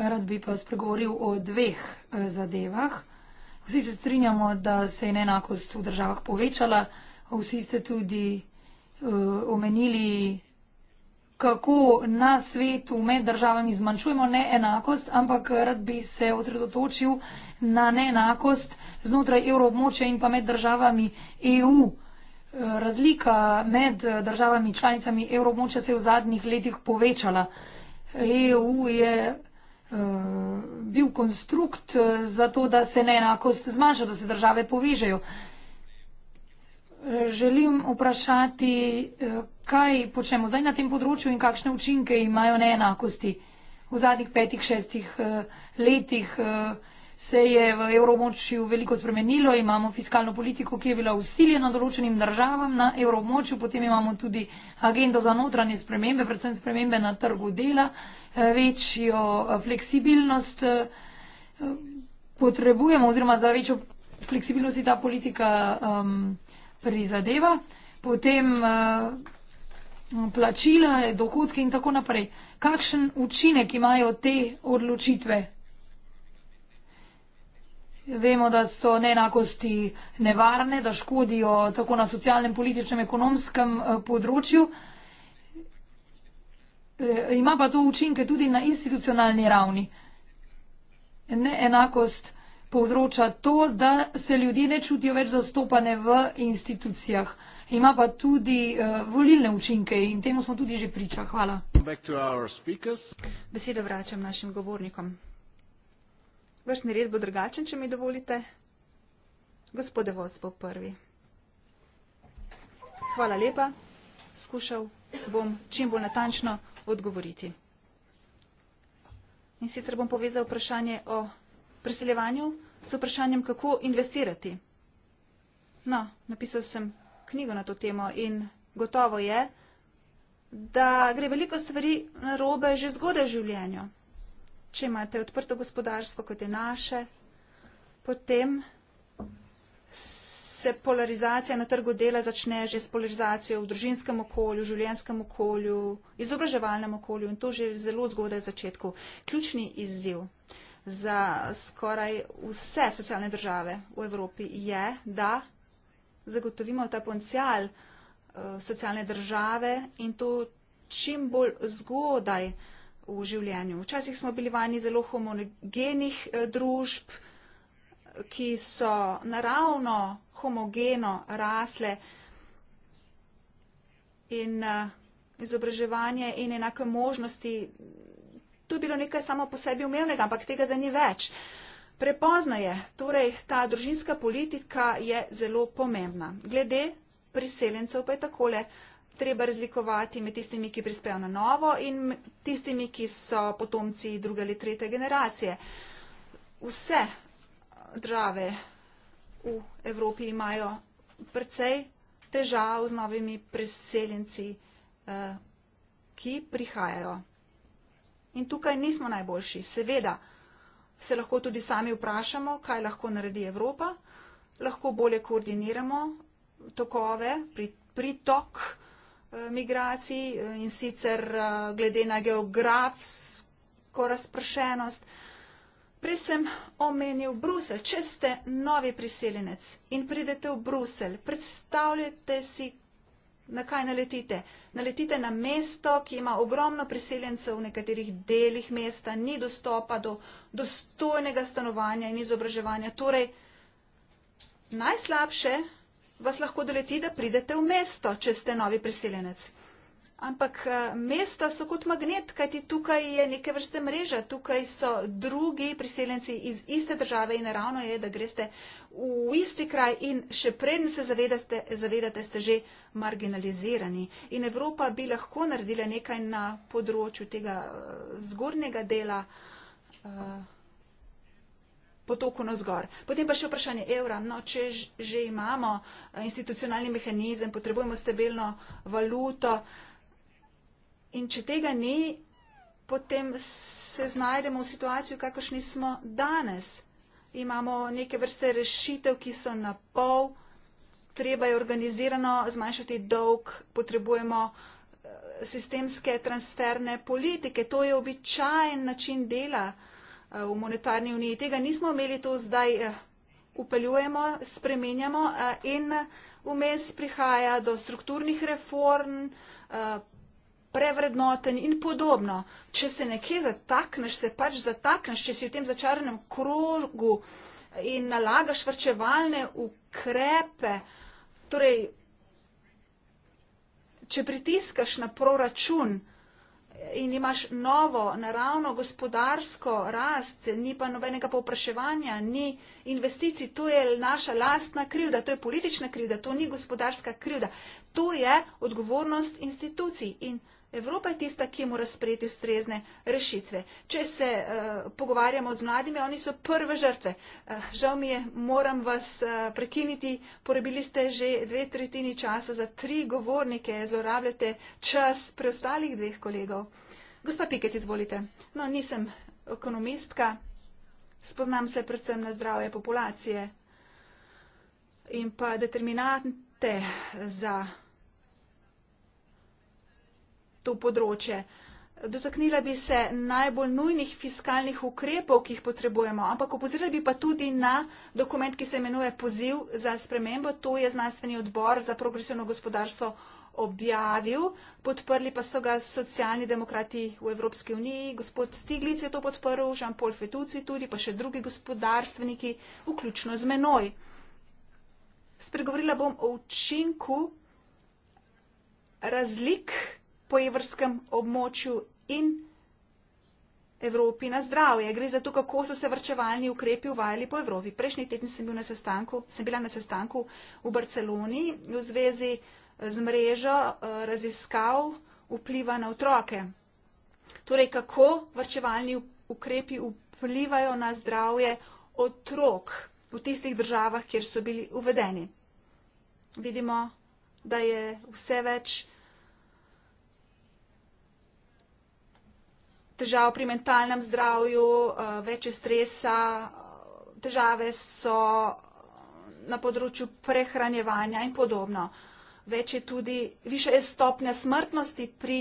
Rad bi pa spregovoril o dveh zadevah. Vsi se strinjamo, da se je neenakost v državah povečala. Vsi ste tudi uh, omenili, kako na svetu med državami zmanjšujemo neenakost, ampak rad bi se osredotočil na neenakost znotraj evroobmočja in pa med državami EU. Eh, razlika med državami članicami evroobmočja se je v zadnjih letih povečala. EU je Eh, bil konstrukt eh, za to, da se neenakost zmanjša, da se države povežejo. Eh, želim vprašati, kaj počnemo zdaj na tem področju in kakšne učinke imajo neenakosti v zadnjih petih, šestih letih se je v evromočju veliko spremenilo, imamo fiskalno politiko, ki je bila usiljena določenim državam na evromočju, potem imamo tudi agendo za notranje spremembe, predvsem spremembe na trgu dela, eh, večjo eh, fleksibilnost eh, potrebujemo oziroma za večjo fleksibilnost je ta politika um, prizadeva, potem uh, plačila, dohodke in tako naprej. Kakšen učinek imajo te odločitve Vemo, da so neenakosti nevarne, da škodijo tako na socialnem, političnem, ekonomskem eh, področju. Eh, ima pa to učinke tudi na institucionalni ravni. Neenakost povzroča to, da se ljudje ne čutijo več zastopane v institucijah. Ima pa tudi uh, volilne učinke in temu smo tudi že priča. Hvala. Besedo vračam našim govornikom. Vršni red bo drugačen, če mi dovolite. Gospode Vos bo prvi. Hvala lepa. Skušal bom čim bolj natančno odgovoriti. In sicer bom povezal vprašanje o preseljevanju s vprašanjem, kako investirati. No, napisal sem knjigo na to temo in gotovo je, da gre veliko stvari na robe že zgodaj v življenju če imate odprto gospodarstvo, kot je naše, potem se polarizacija na trgu dela začne že s polarizacijo v družinskem okolju, življenskem okolju, izobraževalnem okolju in to že zelo zgodaj v začetku. Ključni izziv za skoraj vse socialne države v Evropi je, da zagotovimo ta poncijal eh, socialne države in to čim bolj zgodaj uh, v življenju. Včasih smo bili vani zelo homogenih eh, družb, ki so naravno homogeno rasle in eh, izobraževanje in enake možnosti. To je bilo nekaj samo po sebi umevnega, ampak tega za ni več. Prepozno je, torej ta družinska politika je zelo pomembna. Glede priseljencev pa je takole treba razlikovati med tistimi, ki prispejo na novo in tistimi, ki so potomci druge ali trete generacije. Vse države v Evropi imajo precej težav z novimi preseljenci, eh, ki prihajajo. In tukaj nismo najboljši. Seveda se lahko tudi sami vprašamo, kaj lahko naredi Evropa. Lahko bolje koordiniramo tokove, pritok. Pri migracij eh, in sicer eh, glede na geografsko razpršenost. Prej sem omenil Brusel. Če ste novi priseljenec in pridete v Brusel, predstavljate si, na kaj naletite. Naletite na mesto, ki ima ogromno priseljencev v nekaterih delih mesta, ni dostopa do dostojnega stanovanja in izobraževanja. Torej, najslabše, vas lahko doleti, da pridete v mesto, če ste novi priseljenec. Ampak eh, mesta so kot magnet, kajti tukaj je neke vrste mreža, tukaj so drugi priseljenci iz iste države in ravno je, da greste v isti kraj in še preden se zavedate, zavedate, ste že marginalizirani. In Evropa bi lahko naredila nekaj na področju tega eh, zgornjega dela. Uh, potoku na zgor. Potem pa še vprašanje evra. No, če že imamo eh, institucionalni mehanizem, potrebujemo stabilno valuto in če tega ni, potem se znajdemo v situaciji, kakršni smo danes. Imamo neke vrste rešitev, ki so na pol, treba je organizirano zmanjšati dolg, potrebujemo eh, sistemske transferne politike. To je običajen način dela. Eh, v monetarni uniji. Tega nismo imeli, to zdaj upeljujemo, eh, spremenjamo eh, in vmes prihaja do strukturnih reform, prevrednoten in podobno. Če se nekje zatakneš, se pač zatakneš, če si v tem začaranem krogu in nalagaš vrčevalne ukrepe, torej, če pritiskaš na proračun, in imaš novo naravno gospodarsko rast, ni pa nobenega povpraševanja, ni investicij, to je naša lastna krivda, to je politična krivda, to ni gospodarska krivda. To je odgovornost institucij in Evropa je tista, ki mora sprejeti ustrezne rešitve. Če se uh, pogovarjamo z mladimi, oni so prve žrtve. Uh, žal mi je, moram vas uh, prekiniti. Porabili ste že dve tretjini časa za tri govornike, zlorabljate čas preostalih dveh kolegov. Gospa Piket, izvolite. No, nisem ekonomistka, spoznam se predvsem na zdravje populacije in pa determinante za to področje. Dotaknila bi se najbolj nujnih fiskalnih ukrepov, ki jih potrebujemo, ampak opozorila bi pa tudi na dokument, ki se imenuje poziv za spremembo. To je znanstveni odbor za progresivno gospodarstvo objavil, podprli pa so ga socialni demokrati v Evropski uniji, gospod Stiglic je to podprl, Žan-Paul Fetuci tudi, pa še drugi gospodarstveniki, vključno z menoj. Spregovorila bom o učinku razlik po evrskem območju in Evropi na zdravje. Gre za to, kako so se vrčevalni ukrepi uvajali po Evropi. Prejšnji teden sem, bil na sestanku, sem bila na sestanku v Barceloni v zvezi eh, z mrežo eh, raziskav vpliva na otroke. Torej, kako vrčevalni ukrepi vplivajo na zdravje otrok v tistih državah, kjer so bili uvedeni. Vidimo, da je vse več težav pri mentalnem zdravju, eh, večje stresa, težave so eh, na področju prehranjevanja in podobno. Več je tudi, više je stopnja smrtnosti pri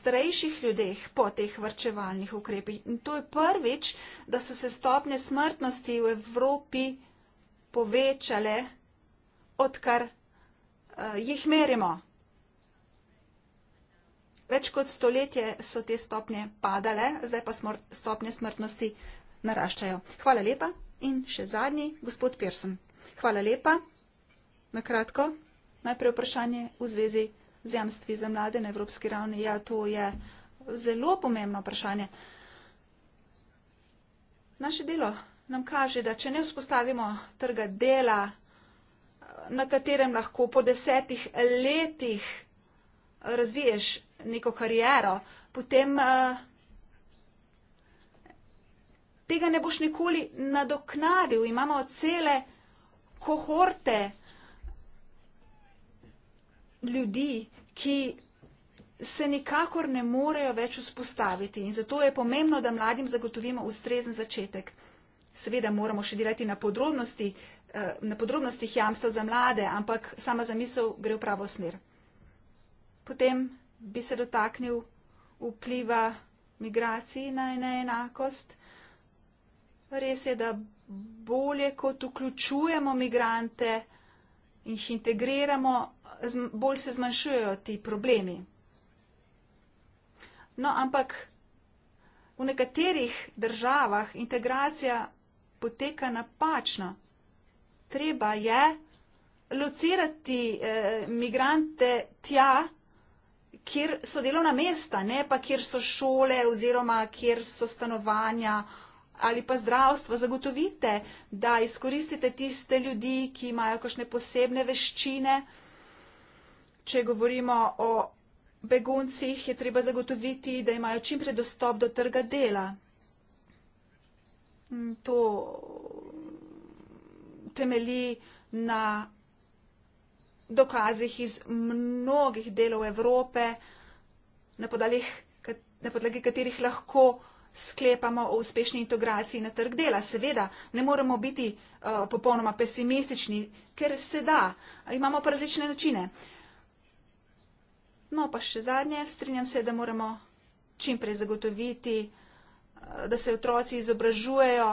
starejših ljudeh po teh vrčevalnih ukrepih. In to je prvič, da so se stopnje smrtnosti v Evropi povečale, odkar uh, jih merimo. Več kot stoletje so te stopnje padale, zdaj pa smr stopnje smrtnosti naraščajo. Hvala lepa. In še zadnji, gospod Persen. Hvala lepa. Na kratko, najprej vprašanje v zvezi z jamstvi za mlade na evropski ravni. Ja, to je zelo pomembno vprašanje. Naše delo nam kaže, da če ne vzpostavimo trga dela, na katerem lahko po desetih letih razviješ neko kariero, potem eh, tega ne boš nikoli nadoknadil. Imamo cele kohorte ljudi, ki se nikakor ne morejo več vzpostaviti. In zato je pomembno, da mladim zagotovimo ustrezen začetek. Seveda moramo še delati na, podrobnosti, eh, na podrobnostih jamstva za mlade, ampak sama zamisel gre v pravo smer. Potem bi se dotaknil vpliva migracij na neenakost. Res je, da bolje, kot vključujemo migrante in jih integriramo, bolj se zmanjšujejo ti problemi. No, ampak v nekaterih državah integracija poteka napačno. Treba je locirati eh, migrante tja, kjer so delovna mesta, ne pa kjer so šole oziroma kjer so stanovanja ali pa zdravstvo. Zagotovite, da izkoristite tiste ljudi, ki imajo kakšne posebne veščine. Če govorimo o beguncih, je treba zagotoviti, da imajo čim prej dostop do trga dela. To temeli na dokazih iz mnogih delov Evrope, na, podalih, na podlagi katerih lahko sklepamo o uspešni integraciji na trg dela. Seveda, ne moremo biti uh, popolnoma pesimistični, ker se da. Imamo pa različne načine. No, pa še zadnje, strinjam se, da moramo čimprej zagotoviti, uh, da se otroci izobražujejo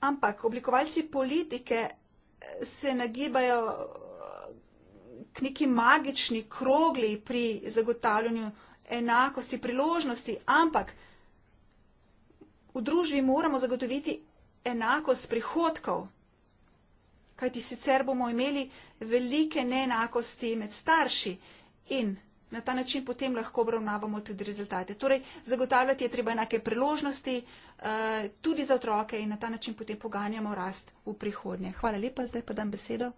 Ampak oblikovalci politike eh, se nagibajo eh, k neki magični krogli pri zagotavljanju enakosti priložnosti, ampak v družbi moramo zagotoviti enakost prihodkov, kajti sicer bomo imeli velike neenakosti med starši in starši na ta način potem lahko obravnavamo tudi rezultate. Torej, zagotavljati je treba enake priložnosti eh, tudi za otroke in na ta način potem poganjamo rast v prihodnje. Hvala lepa, zdaj pa dam besedo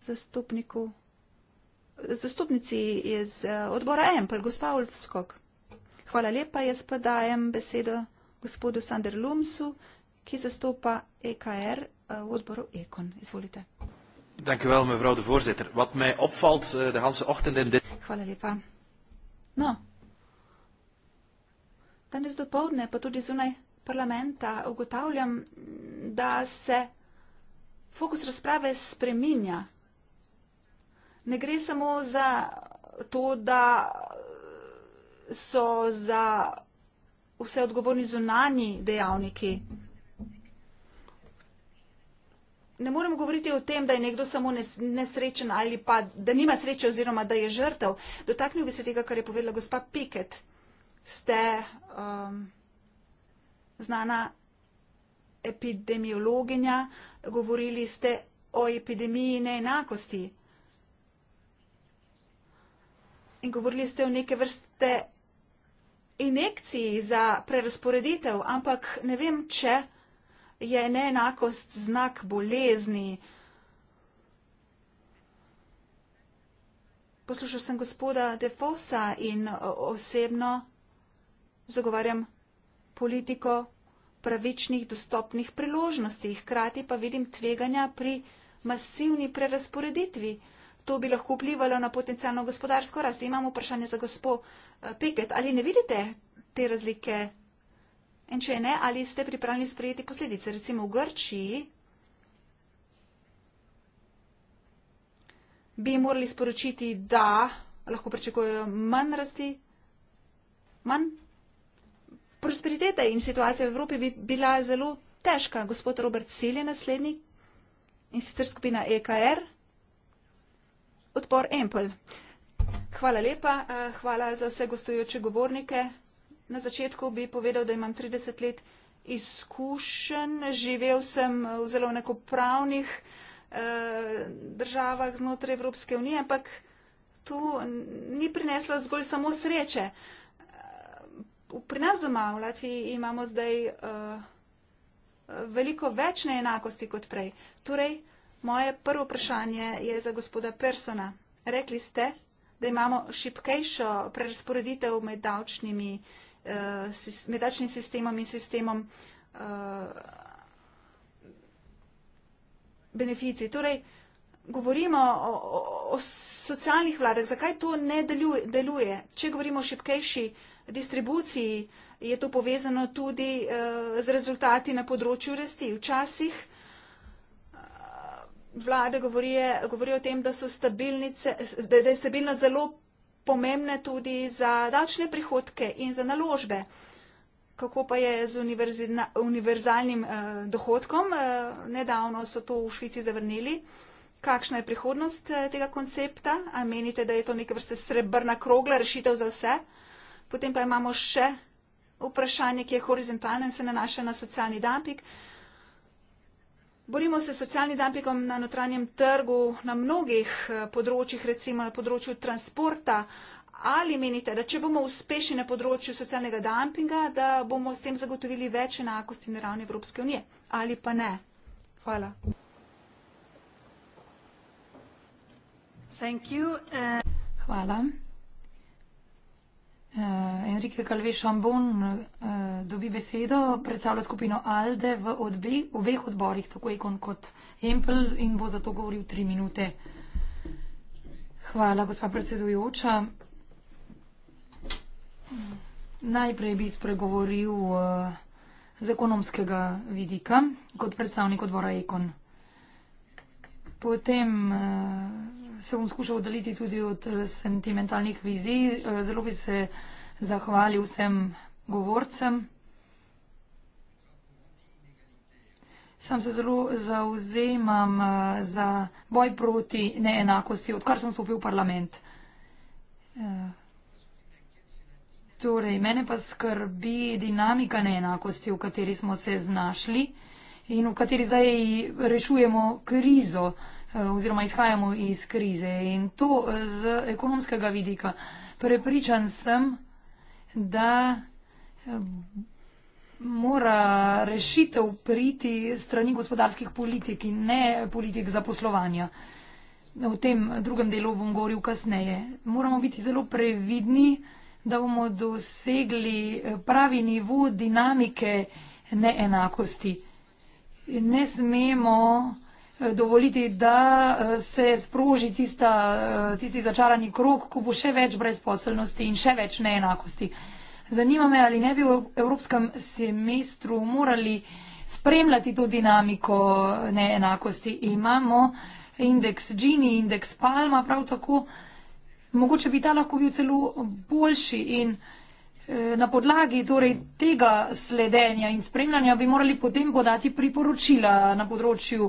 zastupniku. Zastupnici iz eh, odbora Empel, gospa Ulfskog. Hvala lepa, jaz pa dajem besedo gospodu Sander Lumsu, ki zastopa EKR eh, v odboru Ekon. Izvolite mevrouw de voorzitter wat mij opvalt eh, de hele ochtend in dit. Hvala lepa. No. Danes dopoledne, pa tudi zunaj parlamenta, ugotavljam, da se fokus razprave spreminja. Ne gre samo za to, da so za vse odgovorni zunani dejavniki, ne moremo govoriti o tem, da je nekdo samo nesrečen ali pa da nima sreče oziroma da je žrtev. Dotaknil bi se tega, kar je povedala gospa Piket. Ste um, znana epidemiologinja, govorili ste o epidemiji neenakosti. In govorili ste o neke vrste injekciji za prerasporeditev, ampak ne vem, če je neenakost znak bolezni. Poslušal sem gospoda Defosa in osebno zagovarjam politiko pravičnih dostopnih priložnosti. Hkrati pa vidim tveganja pri masivni prerasporeditvi. To bi lahko vplivalo na potencijalno gospodarsko rast. Imamo vprašanje za gospod eh, Piket. Ali ne vidite te razlike In če ne, ali ste pripravljeni sprejeti posledice? Recimo v Grčiji bi morali sporočiti, da lahko pričakujejo manj rasti, manj prosperitete in situacija v Evropi bi bila zelo težka. Gospod Robert Sil je naslednji in sicer skupina EKR, odpor Empel. Hvala lepa, eh, hvala za vse gostujoče govornike. Na začetku bi povedal, da imam 30 let izkušen, živel sem v zelo nekopravnih eh, državah znotraj Evropske unije, ampak to ni prineslo zgolj samo sreče. Eh, pri nas doma v Latviji imamo zdaj eh, veliko več neenakosti kot prej. Torej, moje prvo vprašanje je za gospoda Persona. Rekli ste, da imamo šipkejšo prerasporeditev med davčnimi eh, Eh, med rečnim sistemom in sistemom eh, beneficij. Torej, govorimo o, o, o socialnih vladah, zakaj to ne deluje, deluje. Če govorimo o šipkejši distribuciji, je to povezano tudi eh, z rezultati na področju rasti. Včasih vlade govorijo govori o tem, da, so da je stabilnost zelo pomembne tudi za davčne prihodke in za naložbe. Kako pa je z univerzalnim eh, dohodkom? Eh, nedavno so to v Švici zavrnili. Kakšna je prihodnost eh, tega koncepta? A menite, da je to neke vrste srebrna krogla, rešitev za vse? Potem pa imamo še vprašanje, ki je horizontalno in se nanaša na socialni dampik. Borimo se s socialnim dampingom na notranjem trgu na mnogih eh, področjih, recimo na področju transporta. Ali menite, da če bomo uspešni na področju socialnega dampinga, da bomo s tem zagotovili več enakosti na ravni Evropske unije? Ali pa ne? Hvala. Eh. Hvala. Eh, Enrique Calvé-Chambon eh, dobi besedo, predstavlja skupino Alde v odbe, obeh odborih, tako Ekon kot Empel in bo zato govoril tri minute. Hvala, gospa predsedujoča. Najprej bi spregovoril eh, z ekonomskega vidika kot predstavnik odbora Ekon. Potem se bom skušal oddaliti tudi od eh, sentimentalnih vizij. Eh, zelo bi se zahvalil vsem govorcem. Sam se zelo zauzemam eh, za boj proti neenakosti, odkar sem stopil v parlament. Torej, mene pa skrbi dinamika neenakosti, v kateri smo se znašli in v kateri zdaj rešujemo krizo. Eh, oziroma izhajamo iz krize in to eh, z ekonomskega vidika. Prepričan sem, da eh, mora rešitev priti strani gospodarskih politik in ne politik zaposlovanja. O tem drugem delu bom govoril kasneje. Moramo biti zelo previdni, da bomo dosegli pravi nivo dinamike neenakosti. Ne smemo uh, dovoliti, da eh, se sproži tista, eh, tisti začarani krok, ko bo še več brezposelnosti in še več neenakosti. Zanima me, ali ne bi v evropskem semestru morali spremljati to dinamiko neenakosti. Imamo indeks Gini, indeks Palma, prav tako. Mogoče bi ta lahko bil celo boljši in boljši. Eh, na podlagi torej tega sledenja in spremljanja bi morali potem podati priporočila na področju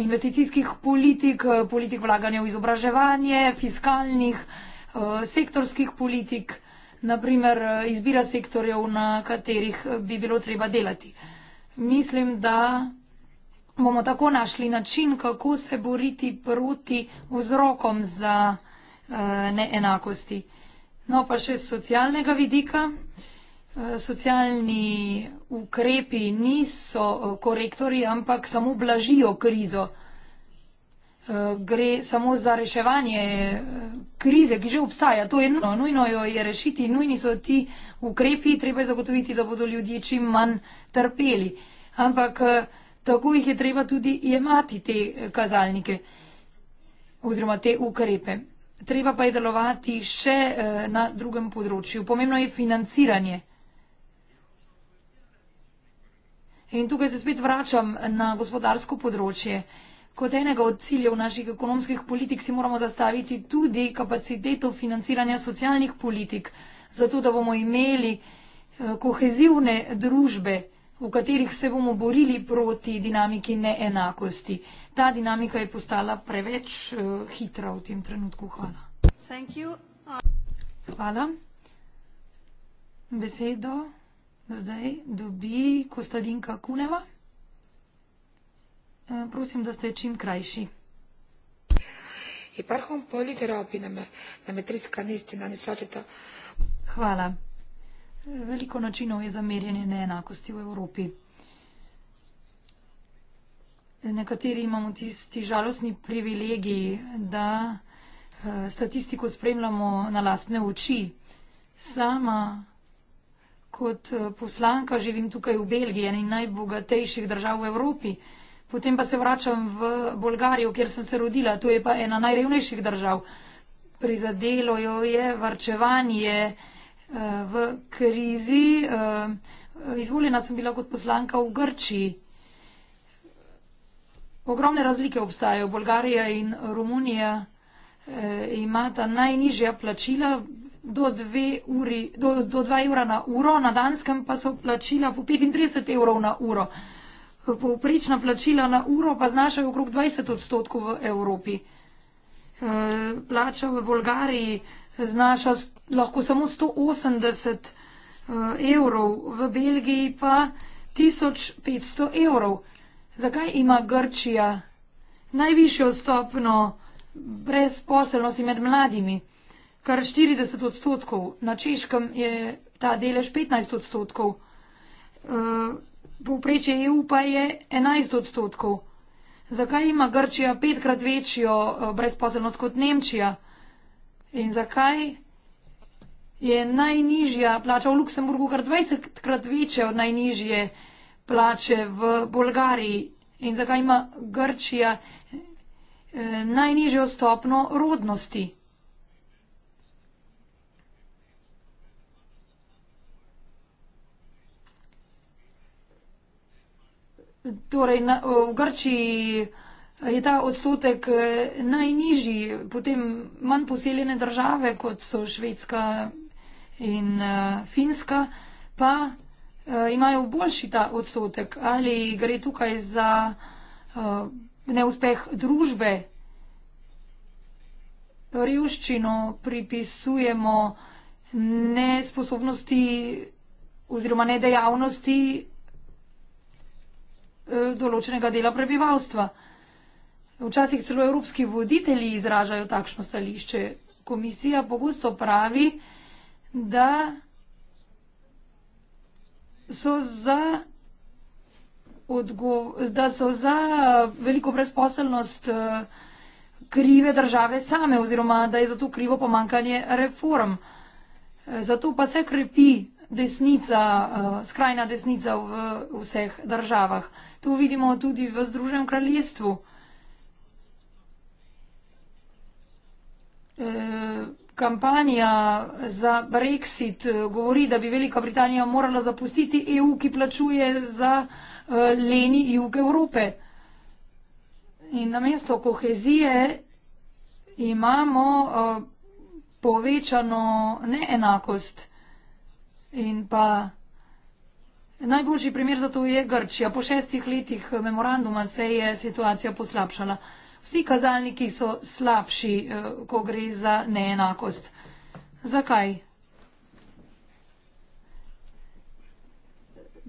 investicijskih politik, politik vlaganja v izobraževanje, fiskalnih, eh, sektorskih politik, naprimer eh, izbira sektorjev, na katerih bi bilo treba delati. Mislim, da bomo tako našli način, kako se boriti proti vzrokom za neenakosti. No, pa še z socialnega vidika. Eh, socialni ukrepi niso eh, korektori, ampak samo blažijo krizo. Eh, gre samo za reševanje krize, ki že obstaja. To je nujno, nujno jo je rešiti, nujni so ti ukrepi, treba je zagotoviti, da bodo ljudje čim manj trpeli. Ampak tako jih je treba tudi jemati te kazalnike oziroma te ukrepe. Treba pa je delovati še eh, na drugem področju. Pomembno je financiranje. In tukaj se spet vračam na gospodarsko področje. Kot enega od ciljev naših ekonomskih politik si moramo zastaviti tudi kapaciteto financiranja socialnih politik, zato da bomo imeli eh, kohezivne družbe v katerih se bomo borili proti dinamiki neenakosti. Ta dinamika je postala preveč uh, hitra v tem trenutku. Hvala. Hvala. Besedo zdaj dobi Kostadinka Kuneva. E, prosim, da ste čim krajši. Hvala. Veliko načinov je zamerjanje neenakosti v Evropi. Nekateri imamo tisti žalostni privilegij, da eh, statistiko spremljamo na lastne oči. Sama kot eh, poslanka živim tukaj v Belgiji, eni najbogatejših držav v Evropi. Potem pa se vračam v Bolgarijo, kjer sem se rodila. To je pa ena najrevnejših držav. Prizadelo jo je varčevanje v krizi. Eh, izvoljena sem bila kot poslanka v Grčiji. Ogromne razlike obstajajo. Bolgarija in Romunija eh, imata najnižja plačila do, uri, do, do 2 evra na uro, na Danskem pa so plačila po 35 evrov na uro. Povprečna plačila na uro pa znašajo okrog 20 odstotkov v Evropi. Eh, plača v Bolgariji znaša lahko samo 180 eh, evrov, v Belgiji pa 1500 evrov. Zakaj ima Grčija najvišjo stopno brezposelnosti med mladimi? Kar 40 odstotkov, na češkem je ta delež 15 odstotkov, eh, e, povprečje EU pa je 11 odstotkov. Zakaj ima Grčija petkrat večjo eh, brezposelnost kot Nemčija? In zakaj je najnižja plača v Luksemburgu kar 20krat večja od najnižje plače v Bolgariji? In zakaj ima Grčija eh, najnižjo stopno rodnosti? Torej, na, v Grčiji je ta odstotek eh, najnižji, potem manj poseljene države, kot so Švedska in eh, Finska, pa eh, imajo boljši ta odstotek. Ali gre tukaj za neuspeh družbe? Revščino pripisujemo nesposobnosti oziroma nedejavnosti določenega dela prebivalstva. Včasih celo evropski voditelji izražajo takšno stališče. Komisija pogosto pravi, da so za, odgo, da so za veliko brezposelnost eh, krive države same oziroma da je zato krivo pomankanje reform. Eh, zato pa se krepi desnica, eh, skrajna desnica v vseh državah. To vidimo tudi v Združenem kraljestvu. Eh, kampanja za Brexit eh, govori, da bi Velika Britanija morala zapustiti EU, ki plačuje za eh, leni jug Evrope. In namesto kohezije imamo povečano neenakost. In pa najboljši primer za to je Grčija. Po šestih letih memoranduma se je situacija poslabšala. Vsi kazalniki so slabši, eh, ko gre za neenakost. Zakaj?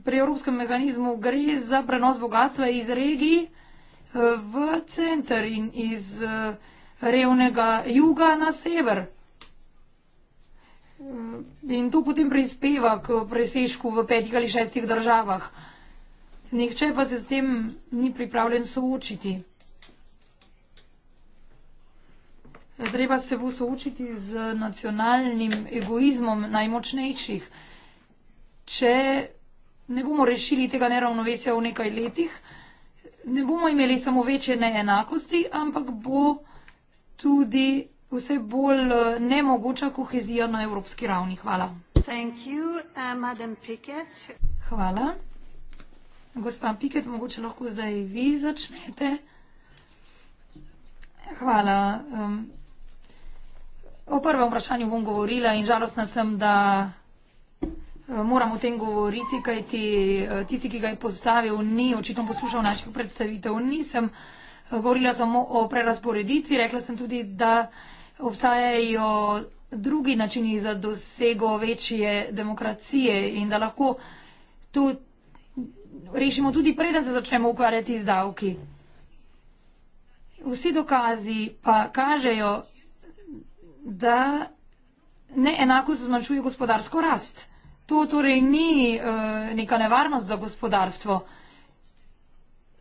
Pri evropskem mehanizmu gre za prenos bogatstva iz regij eh, v center in iz eh, revnega juga na sever. In to potem prispeva k presežku v petih ali šestih državah. Nihče pa se s tem ni pripravljen soočiti. Treba se bo soočiti z nacionalnim egoizmom najmočnejših. Če ne bomo rešili tega neravnovesja v nekaj letih, ne bomo imeli samo večje neenakosti, ampak bo tudi vse bolj eh, nemogoča kohezija na evropski ravni. Hvala. You, uh, Hvala. Gospa Piket, mogoče lahko zdaj vi začnete. Hvala. Um, O prvem vprašanju bom govorila in žalostna sem, da eh, moram o tem govoriti, kajti eh, tisti, ki ga je postavil, ni očitno poslušal naših predstavitev. Nisem eh, govorila samo o prerasporeditvi, rekla sem tudi, da obstajajo drugi načini za dosego večje demokracije in da lahko to rešimo tudi preden se začnemo ukvarjati z davki. Vsi dokazi pa kažejo, da ne enako zmanjšuje gospodarsko rast. To torej ni uh, neka nevarnost za gospodarstvo.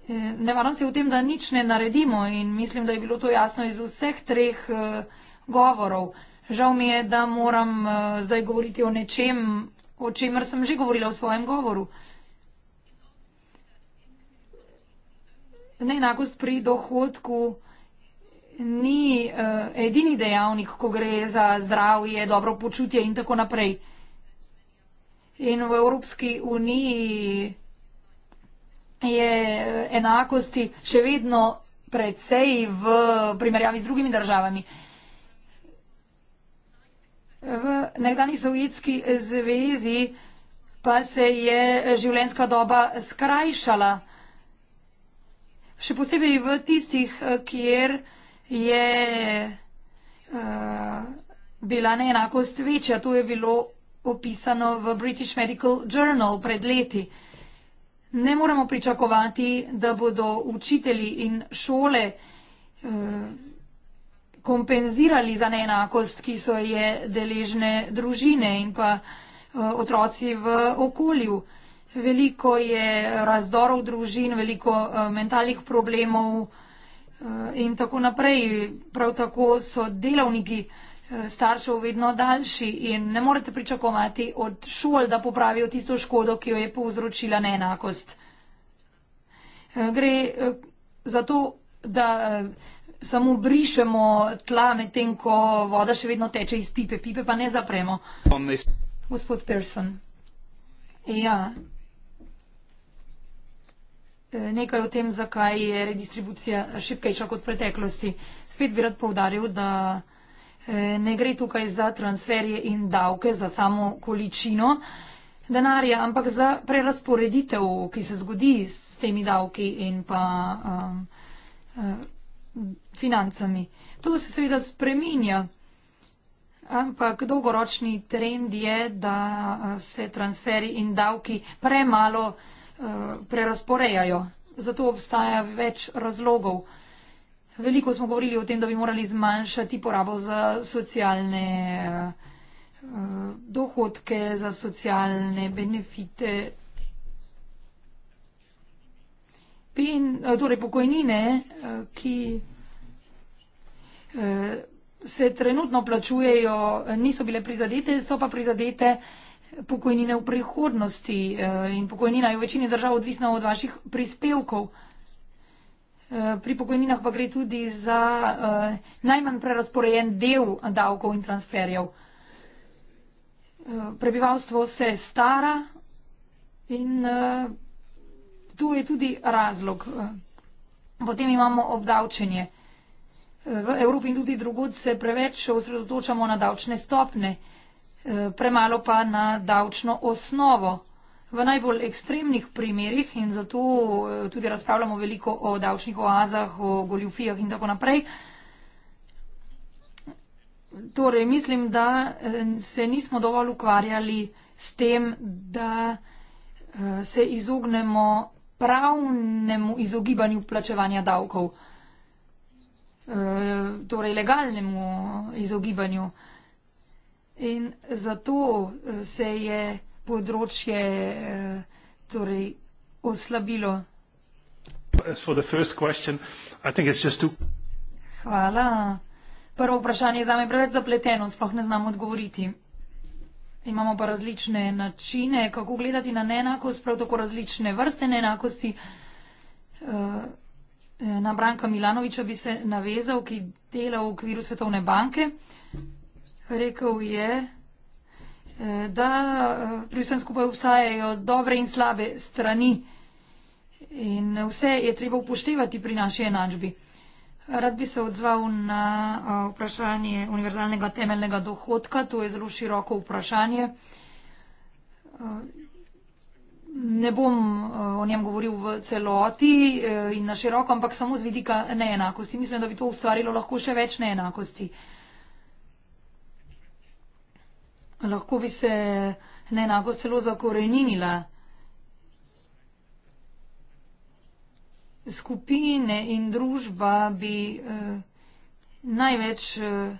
E, nevarnost je v tem, da nič ne naredimo in mislim, da je bilo to jasno iz vseh treh uh, govorov. Žal mi je, da moram uh, zdaj govoriti o nečem, o čemer sem že govorila v svojem govoru. Neenakost pri dohodku ni uh, edini dejavnik, ko gre za zdravje, dobro počutje in tako naprej. In v Evropski uniji je eh, enakosti še vedno predvsej v primerjavi z drugimi državami. V nekdani Sovjetski zvezi pa se je življenjska doba skrajšala. Še posebej v tistih, eh, kjer je uh, bila neenakost večja. To je bilo opisano v British Medical Journal pred leti. Ne moremo pričakovati, da bodo učitelji in šole uh, kompenzirali za neenakost, ki so je deležne družine in pa uh, otroci v okolju. Veliko je razdorov družin, veliko uh, mentalnih problemov, uh, Eh, in tako naprej. Prav tako so delavniki eh, staršev vedno daljši in ne morete pričakovati od šol, da popravijo tisto škodo, ki jo je povzročila neenakost. Eh, gre za to, da samo brišemo tla med tem, ko voda še vedno teče iz pipe, pipe pa ne zapremo. Gospod Persson. Ja. Eh, nekaj o tem, zakaj je redistribucija šipkejša kot v preteklosti. Spet bi rad povdaril, da eh, ne gre tukaj za transferje in davke, za samo količino denarja, ampak za prerasporeditev, ki se zgodi s temi davki in pa um, eh, financami. To se seveda spreminja, ampak dolgoročni trend je, da se transferi in davki premalo Eh, prerasporejajo. Zato obstaja več razlogov. Veliko smo govorili o tem, da bi morali zmanjšati porabo za socialne uh, dohodke, za socialne benefite. Pen, eh, torej pokojnine, ki uh, se trenutno plačujejo, niso bile prizadete, so pa prizadete. Uh, pokojnine v prihodnosti eh, in pokojnina je v večini držav odvisna od vaših prispevkov. Eh, pri pokojninah pa gre tudi za eh, najmanj prerasporejen del davkov in transferjev. Prebivalstvo se stara in to je tudi razlog. Potem imamo obdavčenje. V Evropi in tudi drugod se preveč osredotočamo na davčne stopne. Eh, premalo pa na davčno osnovo. V najbolj ekstremnih primerih, in zato eh, tudi razpravljamo veliko o davčnih oazah, o goljufijah in tako naprej. Torej, mislim, da eh, se nismo dovolj ukvarjali s tem, da se izognemo pravnemu izogibanju plačevanja davkov, torej legalnemu izogibanju. In zato eh, se je področje eh, torej oslabilo. Question, Hvala. Prvo vprašanje je za me preveč zapleteno, sploh ne znam odgovoriti. Imamo pa različne načine, kako gledati na neenakost, prav tako različne vrste neenakosti. Eh, na Branka Milanoviča bi se navezal, ki dela v okviru Svetovne banke. Rekl je, eh, da eh, pri vsem skupaj obstajajo dobre in slabe strani in vse je treba upoštevati pri naši enačbi. Rad bi se odzval na eh, vprašanje univerzalnega temeljnega dohodka. To je zelo široko vprašanje. Ne bom o njem govoril v celoti in na široko, ampak samo z vidika neenakosti. Mislim, da bi to ustvarilo lahko še več neenakosti. lahko bi se neenako celo zakoreninila. Skupine in družba bi eh, največ eh,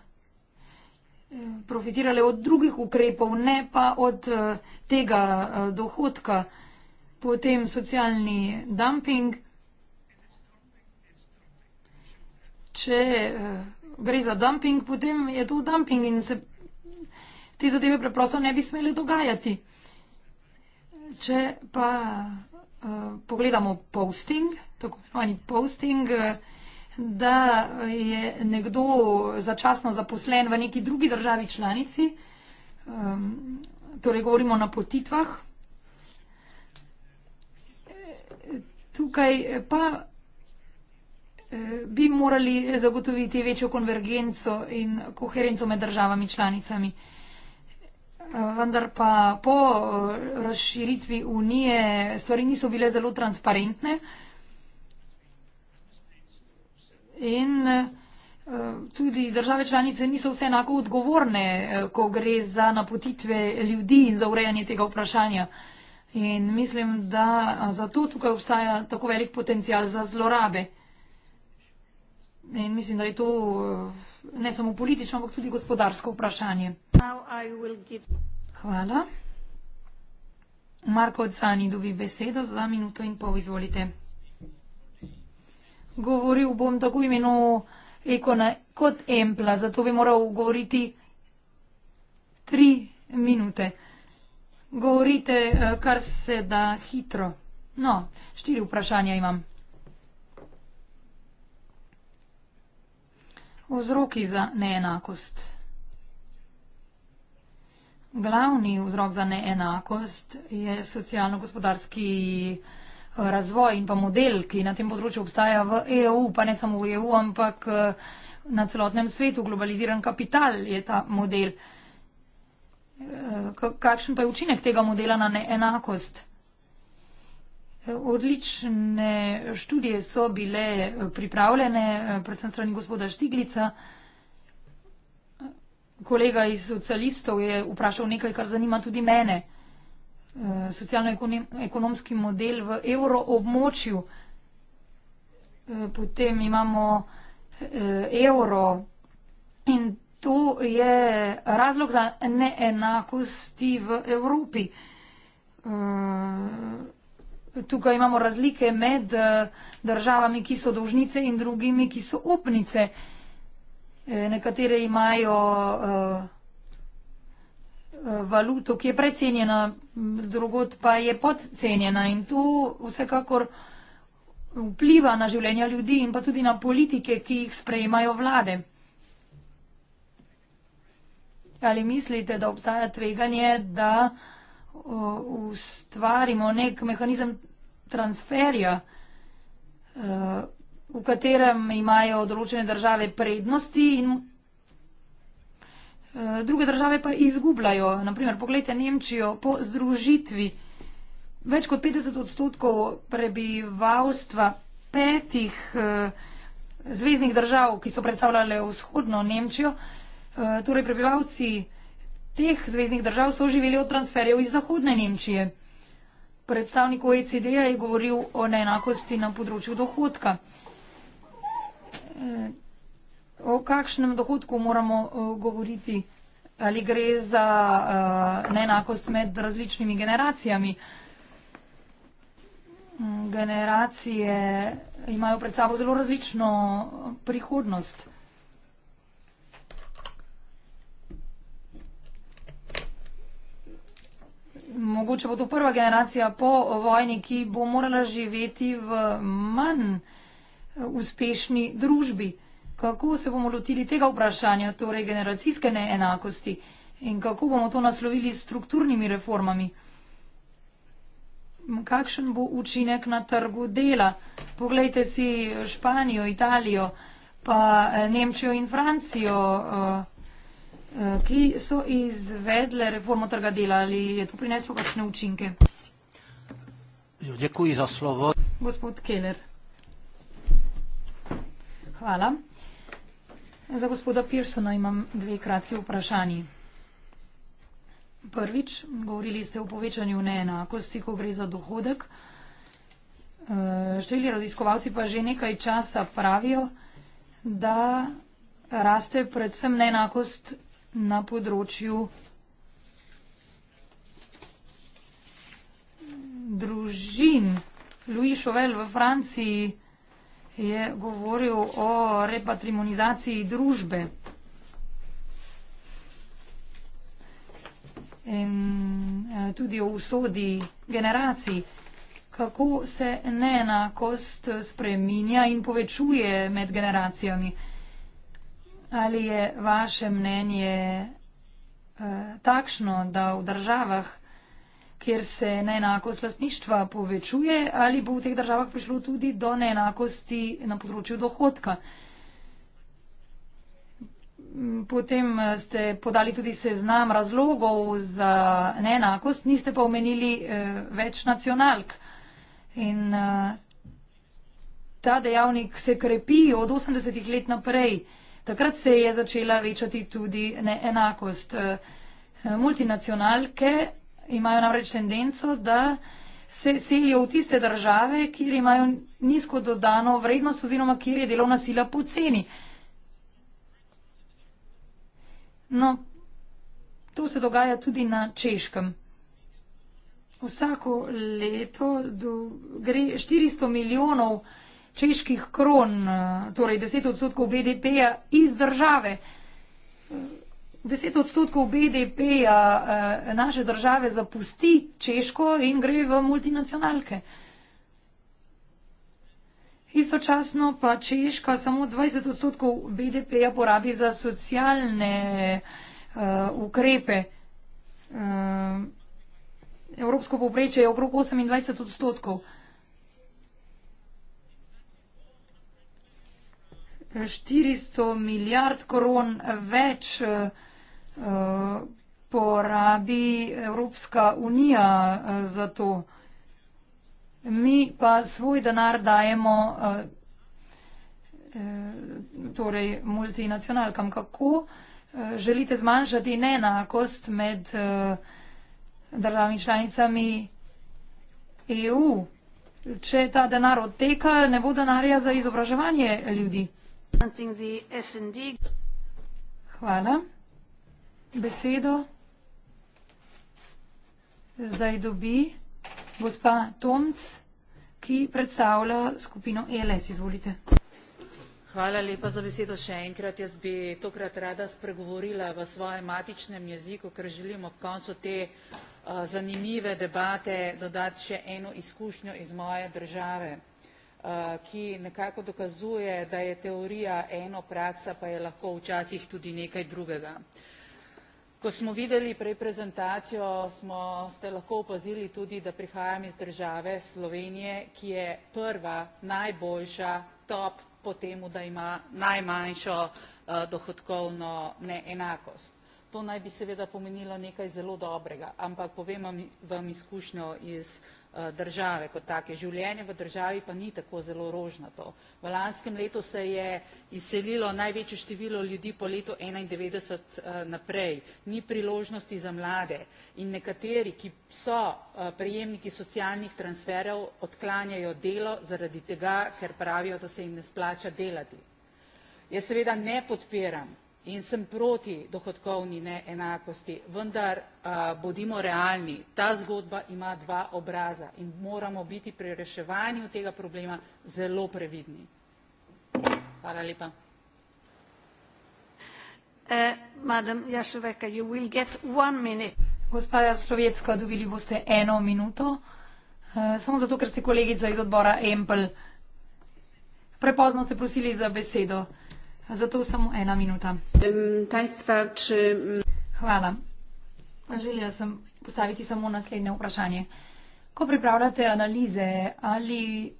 eh, profitirale od drugih ukrepov, ne pa od eh, tega eh, dohodka. Potem socialni dumping. Če eh, gre za dumping, potem je to dumping in se te zadeve preprosto ne bi smele dogajati. Če pa uh, pogledamo posting, tako imenovani posting, eh, da je nekdo začasno zaposlen v neki drugi državi članici, um, torej govorimo o napotitvah, tukaj pa eh, bi morali zagotoviti večjo konvergenco in koherenco med državami članicami. Vendar pa po eh, razširitvi unije stvari niso bile zelo transparentne. In eh, tudi države članice niso vse enako odgovorne, eh, ko gre za napotitve ljudi in za urejanje tega vprašanja. In mislim, da zato tukaj obstaja tako velik potencial za zlorabe. In mislim, da je to ne samo politično, ampak tudi gospodarsko vprašanje. Give... Hvala. Marko Odsani dobi besedo za minuto in pol, izvolite. Govoril bom tako imenu Ekona kot Empla, zato bi moral govoriti tri minute. Govorite eh, kar se da hitro. No, štiri vprašanja imam. Vzroki za neenakost. Glavni vzrok za neenakost je socialno-gospodarski eh, razvoj in pa model, ki na tem področju obstaja v EU, pa ne samo v EU, ampak eh, na celotnem svetu. Globaliziran kapital je ta model. Eh, kakšen pa je učinek tega modela na neenakost? Odlične študije so bile pripravljene, predvsem strani gospoda Štiglica. Kolega iz socialistov je vprašal nekaj, kar zanima tudi mene. Socialno-ekonomski model v evroobmočju. Potem imamo eh, evro in to je razlog za neenakosti v Evropi. Eh, Tukaj imamo razlike med eh, državami, ki so dolžnice in drugimi, ki so upnice. Eh, nekatere imajo eh, valuto, ki je precenjena, drugot pa je podcenjena in to vsekakor vpliva na življenja ljudi in pa tudi na politike, ki jih sprejemajo vlade. Ali mislite, da obstaja tveganje, da ustvarimo nek mehanizem transferja, e, v katerem imajo določene države prednosti in e, druge države pa izgubljajo. Naprimer, pogledajte Nemčijo po združitvi. Več kot 50 odstotkov prebivalstva petih e, zvezdnih držav, ki so predstavljale vzhodno Nemčijo, torej prebivalci teh zvezdnih držav so živeli od transferjev iz zahodne Nemčije. Predstavnik OECD-a je govoril o neenakosti na področju dohodka. Eh, o kakšnem dohodku moramo eh, govoriti? Ali gre za eh, neenakost med različnimi generacijami? Mm, generacije imajo pred sabo zelo različno prihodnost. mogoče bo to prva generacija po vojni, ki bo morala živeti v manj eh, uspešni družbi. Kako se bomo lotili tega vprašanja, torej generacijske neenakosti in kako bomo to naslovili s strukturnimi reformami? Kakšen bo učinek na trgu dela? Poglejte si Španijo, Italijo, pa eh, Nemčijo in Francijo. Uh, Eh, ki so izvedle reformo trga dela. Ali je to prineslo kakšne učinke? Jo, děkuji za slovo. Gospod Keller. Hvala. Za gospoda Pearsona imam dve kratki vprašanji. Prvič, govorili ste o povečanju neenakosti, ko gre za dohodek. Šteli eh, raziskovalci pa že nekaj časa pravijo, da raste predvsem neenakost na področju družin. Louis Chauvel v Franciji je govoril o repatrimonizaciji družbe. In eh, tudi o usodi generacij, kako se neenakost spreminja in povečuje med generacijami. Ali je vaše mnenje eh, takšno, da v državah, kjer se neenakost lasništva povečuje, ali bo v teh državah prišlo tudi do neenakosti na področju dohodka? Potem eh, ste podali tudi seznam razlogov za neenakost, niste pa omenili eh, več nacionalk. In ta dejavnik se krepi od 80-ih let naprej. Takrat se je začela večati tudi neenakost. Eh, multinacionalke imajo namreč tendenco, da se selijo v tiste države, kjer imajo nizko dodano vrednost oziroma kjer je delovna sila poceni. No, to se dogaja tudi na češkem. Vsako leto do, gre 400 milijonov čeških kron, eh, torej 10 odstotkov BDP-ja iz države. 10 odstotkov BDP-ja eh, naše države zapusti Češko in gre v multinacionalke. Istočasno pa Češka samo 20 odstotkov BDP-ja porabi za socialne uh, ukrepe. Uh, Evropsko povprečje je okrog 28 odstotkov. 400 milijard koron več eh, porabi Evropska unija eh, za to. Mi pa svoj denar dajemo eh, torej multinacionalkam. Kako želite zmanjšati neenakost med državami članicami EU? Če ta denar odteka, ne bo denarja za izobraževanje ljudi. Hvala. Besedo zdaj dobi gospa Tomc, ki predstavlja skupino ELS. Izvolite. Hvala lepa za besedo še enkrat. Jaz bi tokrat rada spregovorila v svojem matičnem jeziku, ker želim ob koncu te uh, zanimive debate dodati še eno izkušnjo iz moje države. Eh, ki nekako dokazuje, da je teorija eno praksa, pa je lahko včasih tudi nekaj drugega. Ko smo videli prej prezentacijo, smo, ste lahko opazili tudi, da prihajam iz države Slovenije, ki je prva, najboljša, top po temu, da ima najmanjšo uh, dohodkovno neenakost. To naj bi seveda pomenilo nekaj zelo dobrega, ampak povem vam izkušnjo iz uh, Eh, države kot take. Življenje v državi pa ni tako zelo rožnato. V lanskem letu se je izselilo največje število ljudi po letu 1991 eh, naprej. Ni priložnosti za mlade in nekateri, ki so eh, prejemniki socialnih transferov, odklanjajo delo zaradi tega, ker pravijo, da se jim ne splača delati. Jaz seveda ne podpiram in sem proti dohodkovni neenakosti, vendar bodimo realni, ta zgodba ima dva obraza in moramo biti pri reševanju tega problema zelo previdni. Hvala lepa. Eh, Gospa Jaslovecka, dobili boste eno minuto. Eh, samo zato, ker ste kolegica iz odbora Empel. Prepozno ste prosili za besedo. Hvala. Zato samo ena minuta. Państwa, czy... Hvala. Želela sem postaviti samo naslednje vprašanje. Ko pripravljate analize, ali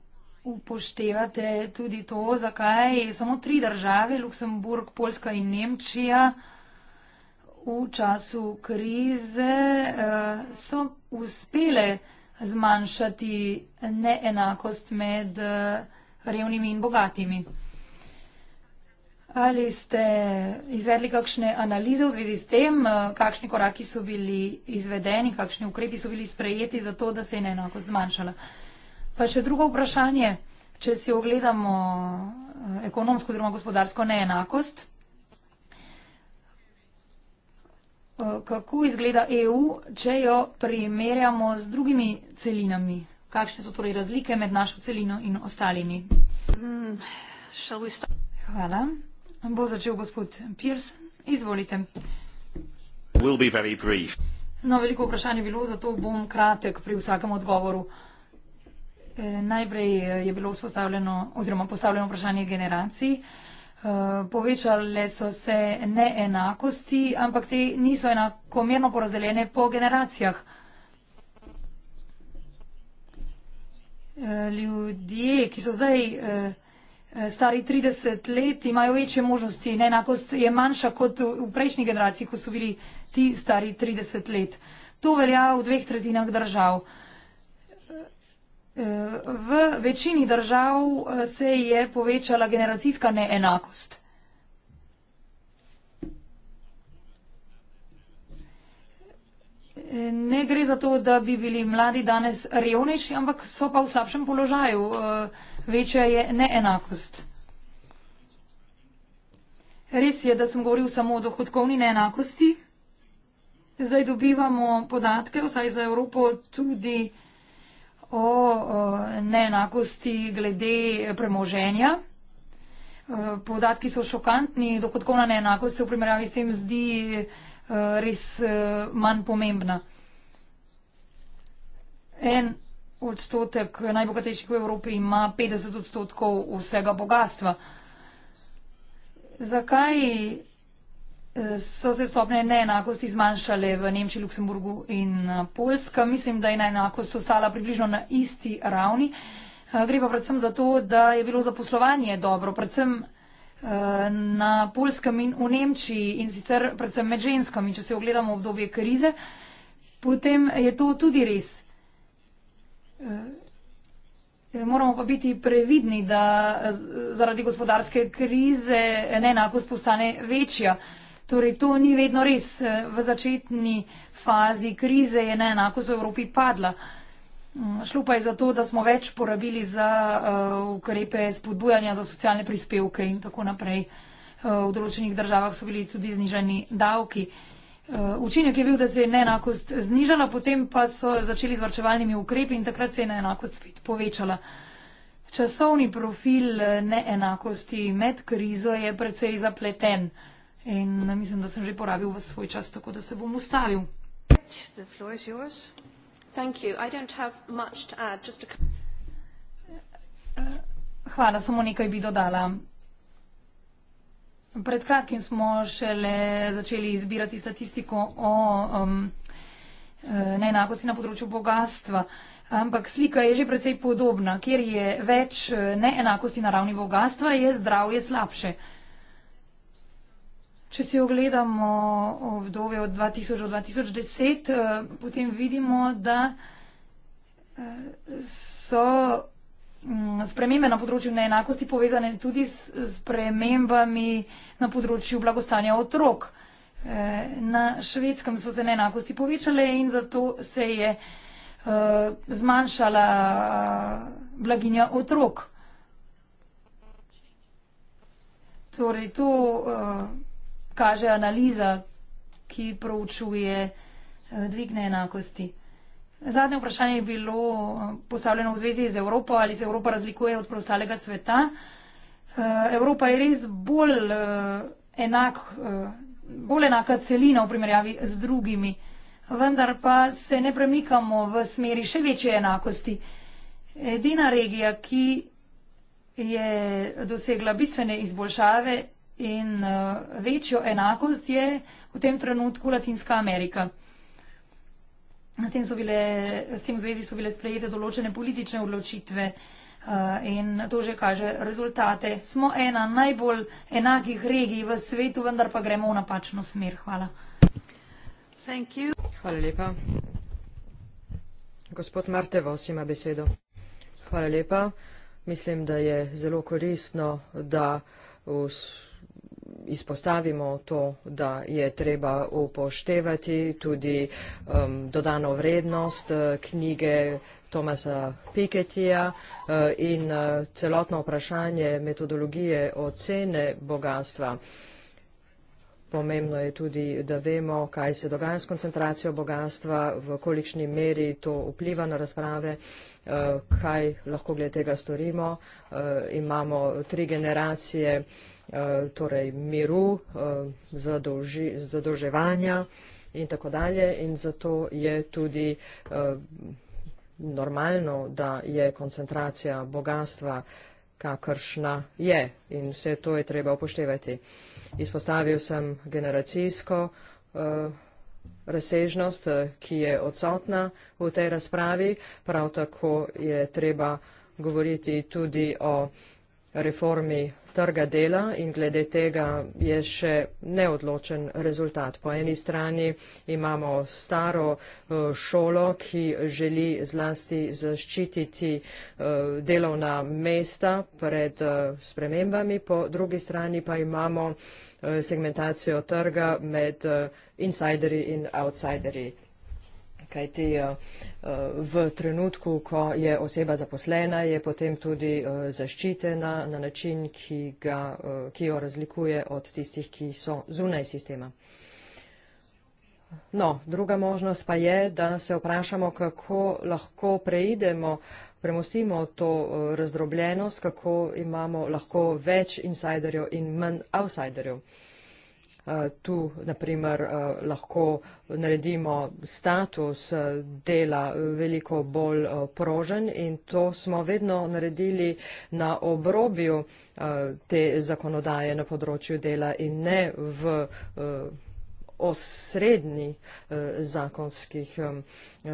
upoštevate tudi to, zakaj samo tri države, Luksemburg, Poljska in Nemčija, v času krize eh, so uspele zmanjšati neenakost med eh, revnimi in bogatimi? Ali ste izvedli kakšne analize v zvezi s tem, eh, kakšni koraki so bili izvedeni, kakšni ukrepi so bili sprejeti za to, da se je neenakost zmanjšala? Pa še drugo vprašanje, če si ogledamo eh, ekonomsko oziroma gospodarsko neenakost, eh, kako izgleda EU, če jo primerjamo z drugimi celinami? Kakšne so torej razlike med našo celino in ostalimi? Mm, Hvala. Bo začel gospod Pearson. Izvolite. No, veliko vprašanj je bilo, zato bom kratek pri vsakem odgovoru. E, najprej je bilo vzpostavljeno oziroma postavljeno vprašanje generacij. E, povečale so se neenakosti, ampak te niso enakomerno porazdeljene po generacijah. E, ljudje, ki so zdaj. E, Eh, stari 30 let, imajo večje možnosti. Neenakost je manjša kot v prejšnji generaciji, ko so bili ti stari 30 let. To velja v dveh tretjinah držav. Eh, v večini držav eh, se je povečala generacijska neenakost. Ne gre za to, da bi bili mladi danes revnejši, ampak so pa v slabšem položaju. Eh, večja je neenakost. Res je, da sem govoril samo o dohodkovni neenakosti. Zdaj dobivamo podatke, vsaj za Evropo, tudi o neenakosti glede premoženja. Eh, podatki so šokantni, dohodkovna neenakost se v primerjavi s tem zdi. Eh, res eh, manj pomembna. En odstotek najbogatejših v Evropi ima 50 odstotkov vsega bogatstva. Zakaj eh, so se stopne neenakosti zmanjšale v Nemčiji, Luksemburgu in Poljska? Mislim, da je neenakost ostala približno na isti ravni. Gre pa predvsem za to, da je bilo zaposlovanje dobro, predvsem na Polskem in v Nemčiji in sicer predvsem med ženskami, če se ogledamo v obdobje krize, potem je to tudi res. Eh, eh, moramo pa biti previdni, da zaradi gospodarske krize neenakost postane večja. Torej, to ni vedno res. Eh, v začetni fazi krize je neenakost v Evropi padla. Uh, Mm, šlo pa je za to, da smo več porabili za uh, ukrepe spodbujanja za socialne prispevke in tako naprej. Uh, v določenih državah so bili tudi znižani davki. Uh, učinek je bil, da se je neenakost znižala, potem pa so začeli z vrčevalnimi ukrepi in takrat se je neenakost spet povečala. Časovni profil neenakosti med krizo je precej zapleten in mislim, da sem že porabil v svoj čas, tako da se bom ustavil. The floor is yours. Thank you. I don't have much to add, just a uh, Hvala, samo nekaj bi dodala. Pred kratkim smo šele začeli izbirati statistiko o um, eh, neenakosti na področju bogatstva, ampak slika je že precej podobna. Ker je več eh, neenakosti na ravni bogatstva, je zdravje slabše. Če si ogledamo obdobje od 2000 do 2010, eh, potem vidimo, da eh, so mm, spremembe na področju neenakosti povezane tudi s spremembami na področju blagostanja otrok. Eh, na švedskem so se neenakosti povečale in zato se je zmanjšala blaginja otrok. Torej, to kaže analiza, ki proučuje eh, dvigne enakosti. Zadnje vprašanje je bilo eh, postavljeno v zvezi z Evropo, ali se Evropa razlikuje od preostalega sveta. Eh, Evropa je res bolj, enak, bolj enaka celina v primerjavi z drugimi, vendar pa se ne premikamo v smeri še večje enakosti. Edina regija, ki je dosegla bistvene izboljšave, in uh, večjo enakost je v tem trenutku Latinska Amerika. S tem, bile, s tem v zvezi so bile sprejete določene politične odločitve uh, in to že kaže rezultate. Smo ena najbolj enakih regij v svetu, vendar pa gremo v napačno smer. Hvala. Hvala lepa. Gospod Martevos ima besedo. Hvala lepa. Mislim, da je zelo koristno, da v izpostavimo to, da je treba upoštevati tudi um, dodano vrednost uh, knjige Tomasa Piketija uh, in uh, celotno vprašanje metodologije ocene bogatstva. Pomembno je tudi, da vemo, kaj se dogaja s koncentracijo bogatstva, v kolikšni meri to vpliva na razprave, uh, kaj lahko glede tega storimo. Uh, imamo tri generacije Eh, torej miru, eh, zadolži, zadolževanja in tako dalje. In zato je tudi eh, normalno, da je koncentracija bogatstva, kakršna je. In vse to je treba upoštevati. Izpostavil sem generacijsko razsežnost, ki je odsotna v tej razpravi. Prav tako je treba govoriti tudi o uh, reformi trga dela in glede tega je še neodločen rezultat. Po eni strani imamo staro eh, šolo, ki želi zlasti zaščititi eh, delovna mesta pred eh, spremembami, po drugi strani pa imamo segmentacijo trga med insideri in outsideri kajti eh, eh, v trenutku, ko je oseba zaposlena, je potem tudi eh, zaščitena na način, ki, ga, ki jo razlikuje od tistih, ki so zunaj sistema. No, druga možnost pa je, da se vprašamo, kako lahko preidemo, premostimo to razdrobljenost, kako imamo lahko več insiderjev in manj outsiderjev. Eh, tu naprimer eh, lahko naredimo status eh, dela veliko bolj prožen in to smo vedno naredili na obrobju te zakonodaje na področju dela in ne v osrednjih eh, zakonskih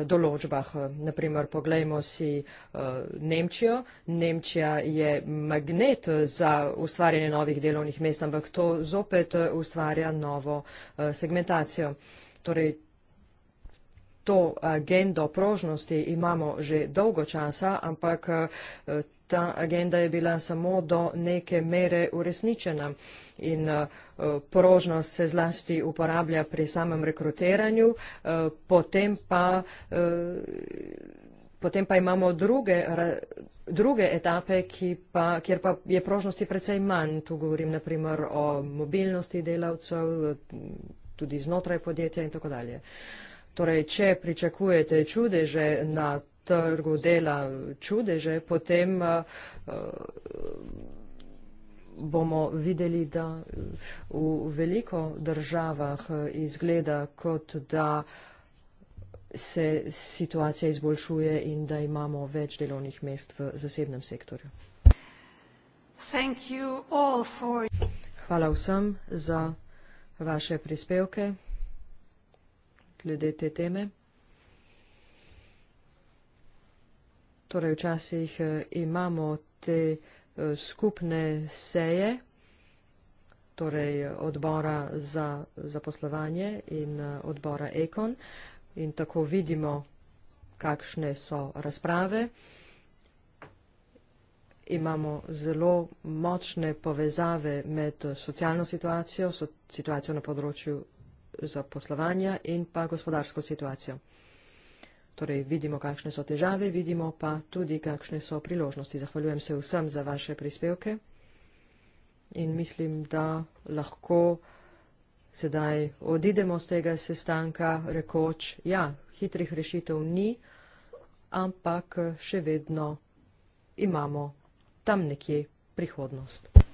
določbah. Naprimer, poglejmo si eh, Nemčijo. Nemčija je magnet eh, za ustvarjanje novih delovnih mest, ampak to zopet ustvarja novo segmentacijo. Torej, To agendo prožnosti imamo že dolgo časa, ampak ta agenda je bila samo do neke mere uresničena. In, uh, porožnost se zlasti uporablja pri samem rekrutiranju, eh, potem pa, eh, potem pa imamo druge, druge etape, pa, kjer pa je prožnosti precej manj. Tu govorim naprimer o mobilnosti delavcev, tudi znotraj podjetja in tako dalje. Torej, če pričakujete čudeže na trgu dela čudeže, potem uh, bomo videli, da v veliko državah eh, izgleda, kot da se situacija izboljšuje in da imamo več delovnih mest v zasebnem sektorju. Hvala vsem za vaše prispevke glede te teme. Torej, včasih eh, imamo te skupne seje, torej odbora za zaposlovanje in eh, odbora EKON in tako vidimo, kakšne so razprave. Imamo zelo močne povezave med socialno situacijo, situacijo na področju zaposlovanja in pa gospodarsko situacijo. Torej vidimo, kakšne so težave, vidimo pa tudi, kakšne so priložnosti. Zahvaljujem se vsem za vaše prispevke in mislim, da lahko sedaj odidemo z tega sestanka, rekoč, ja, hitrih rešitev ni, ampak še vedno imamo tam nekje prihodnost.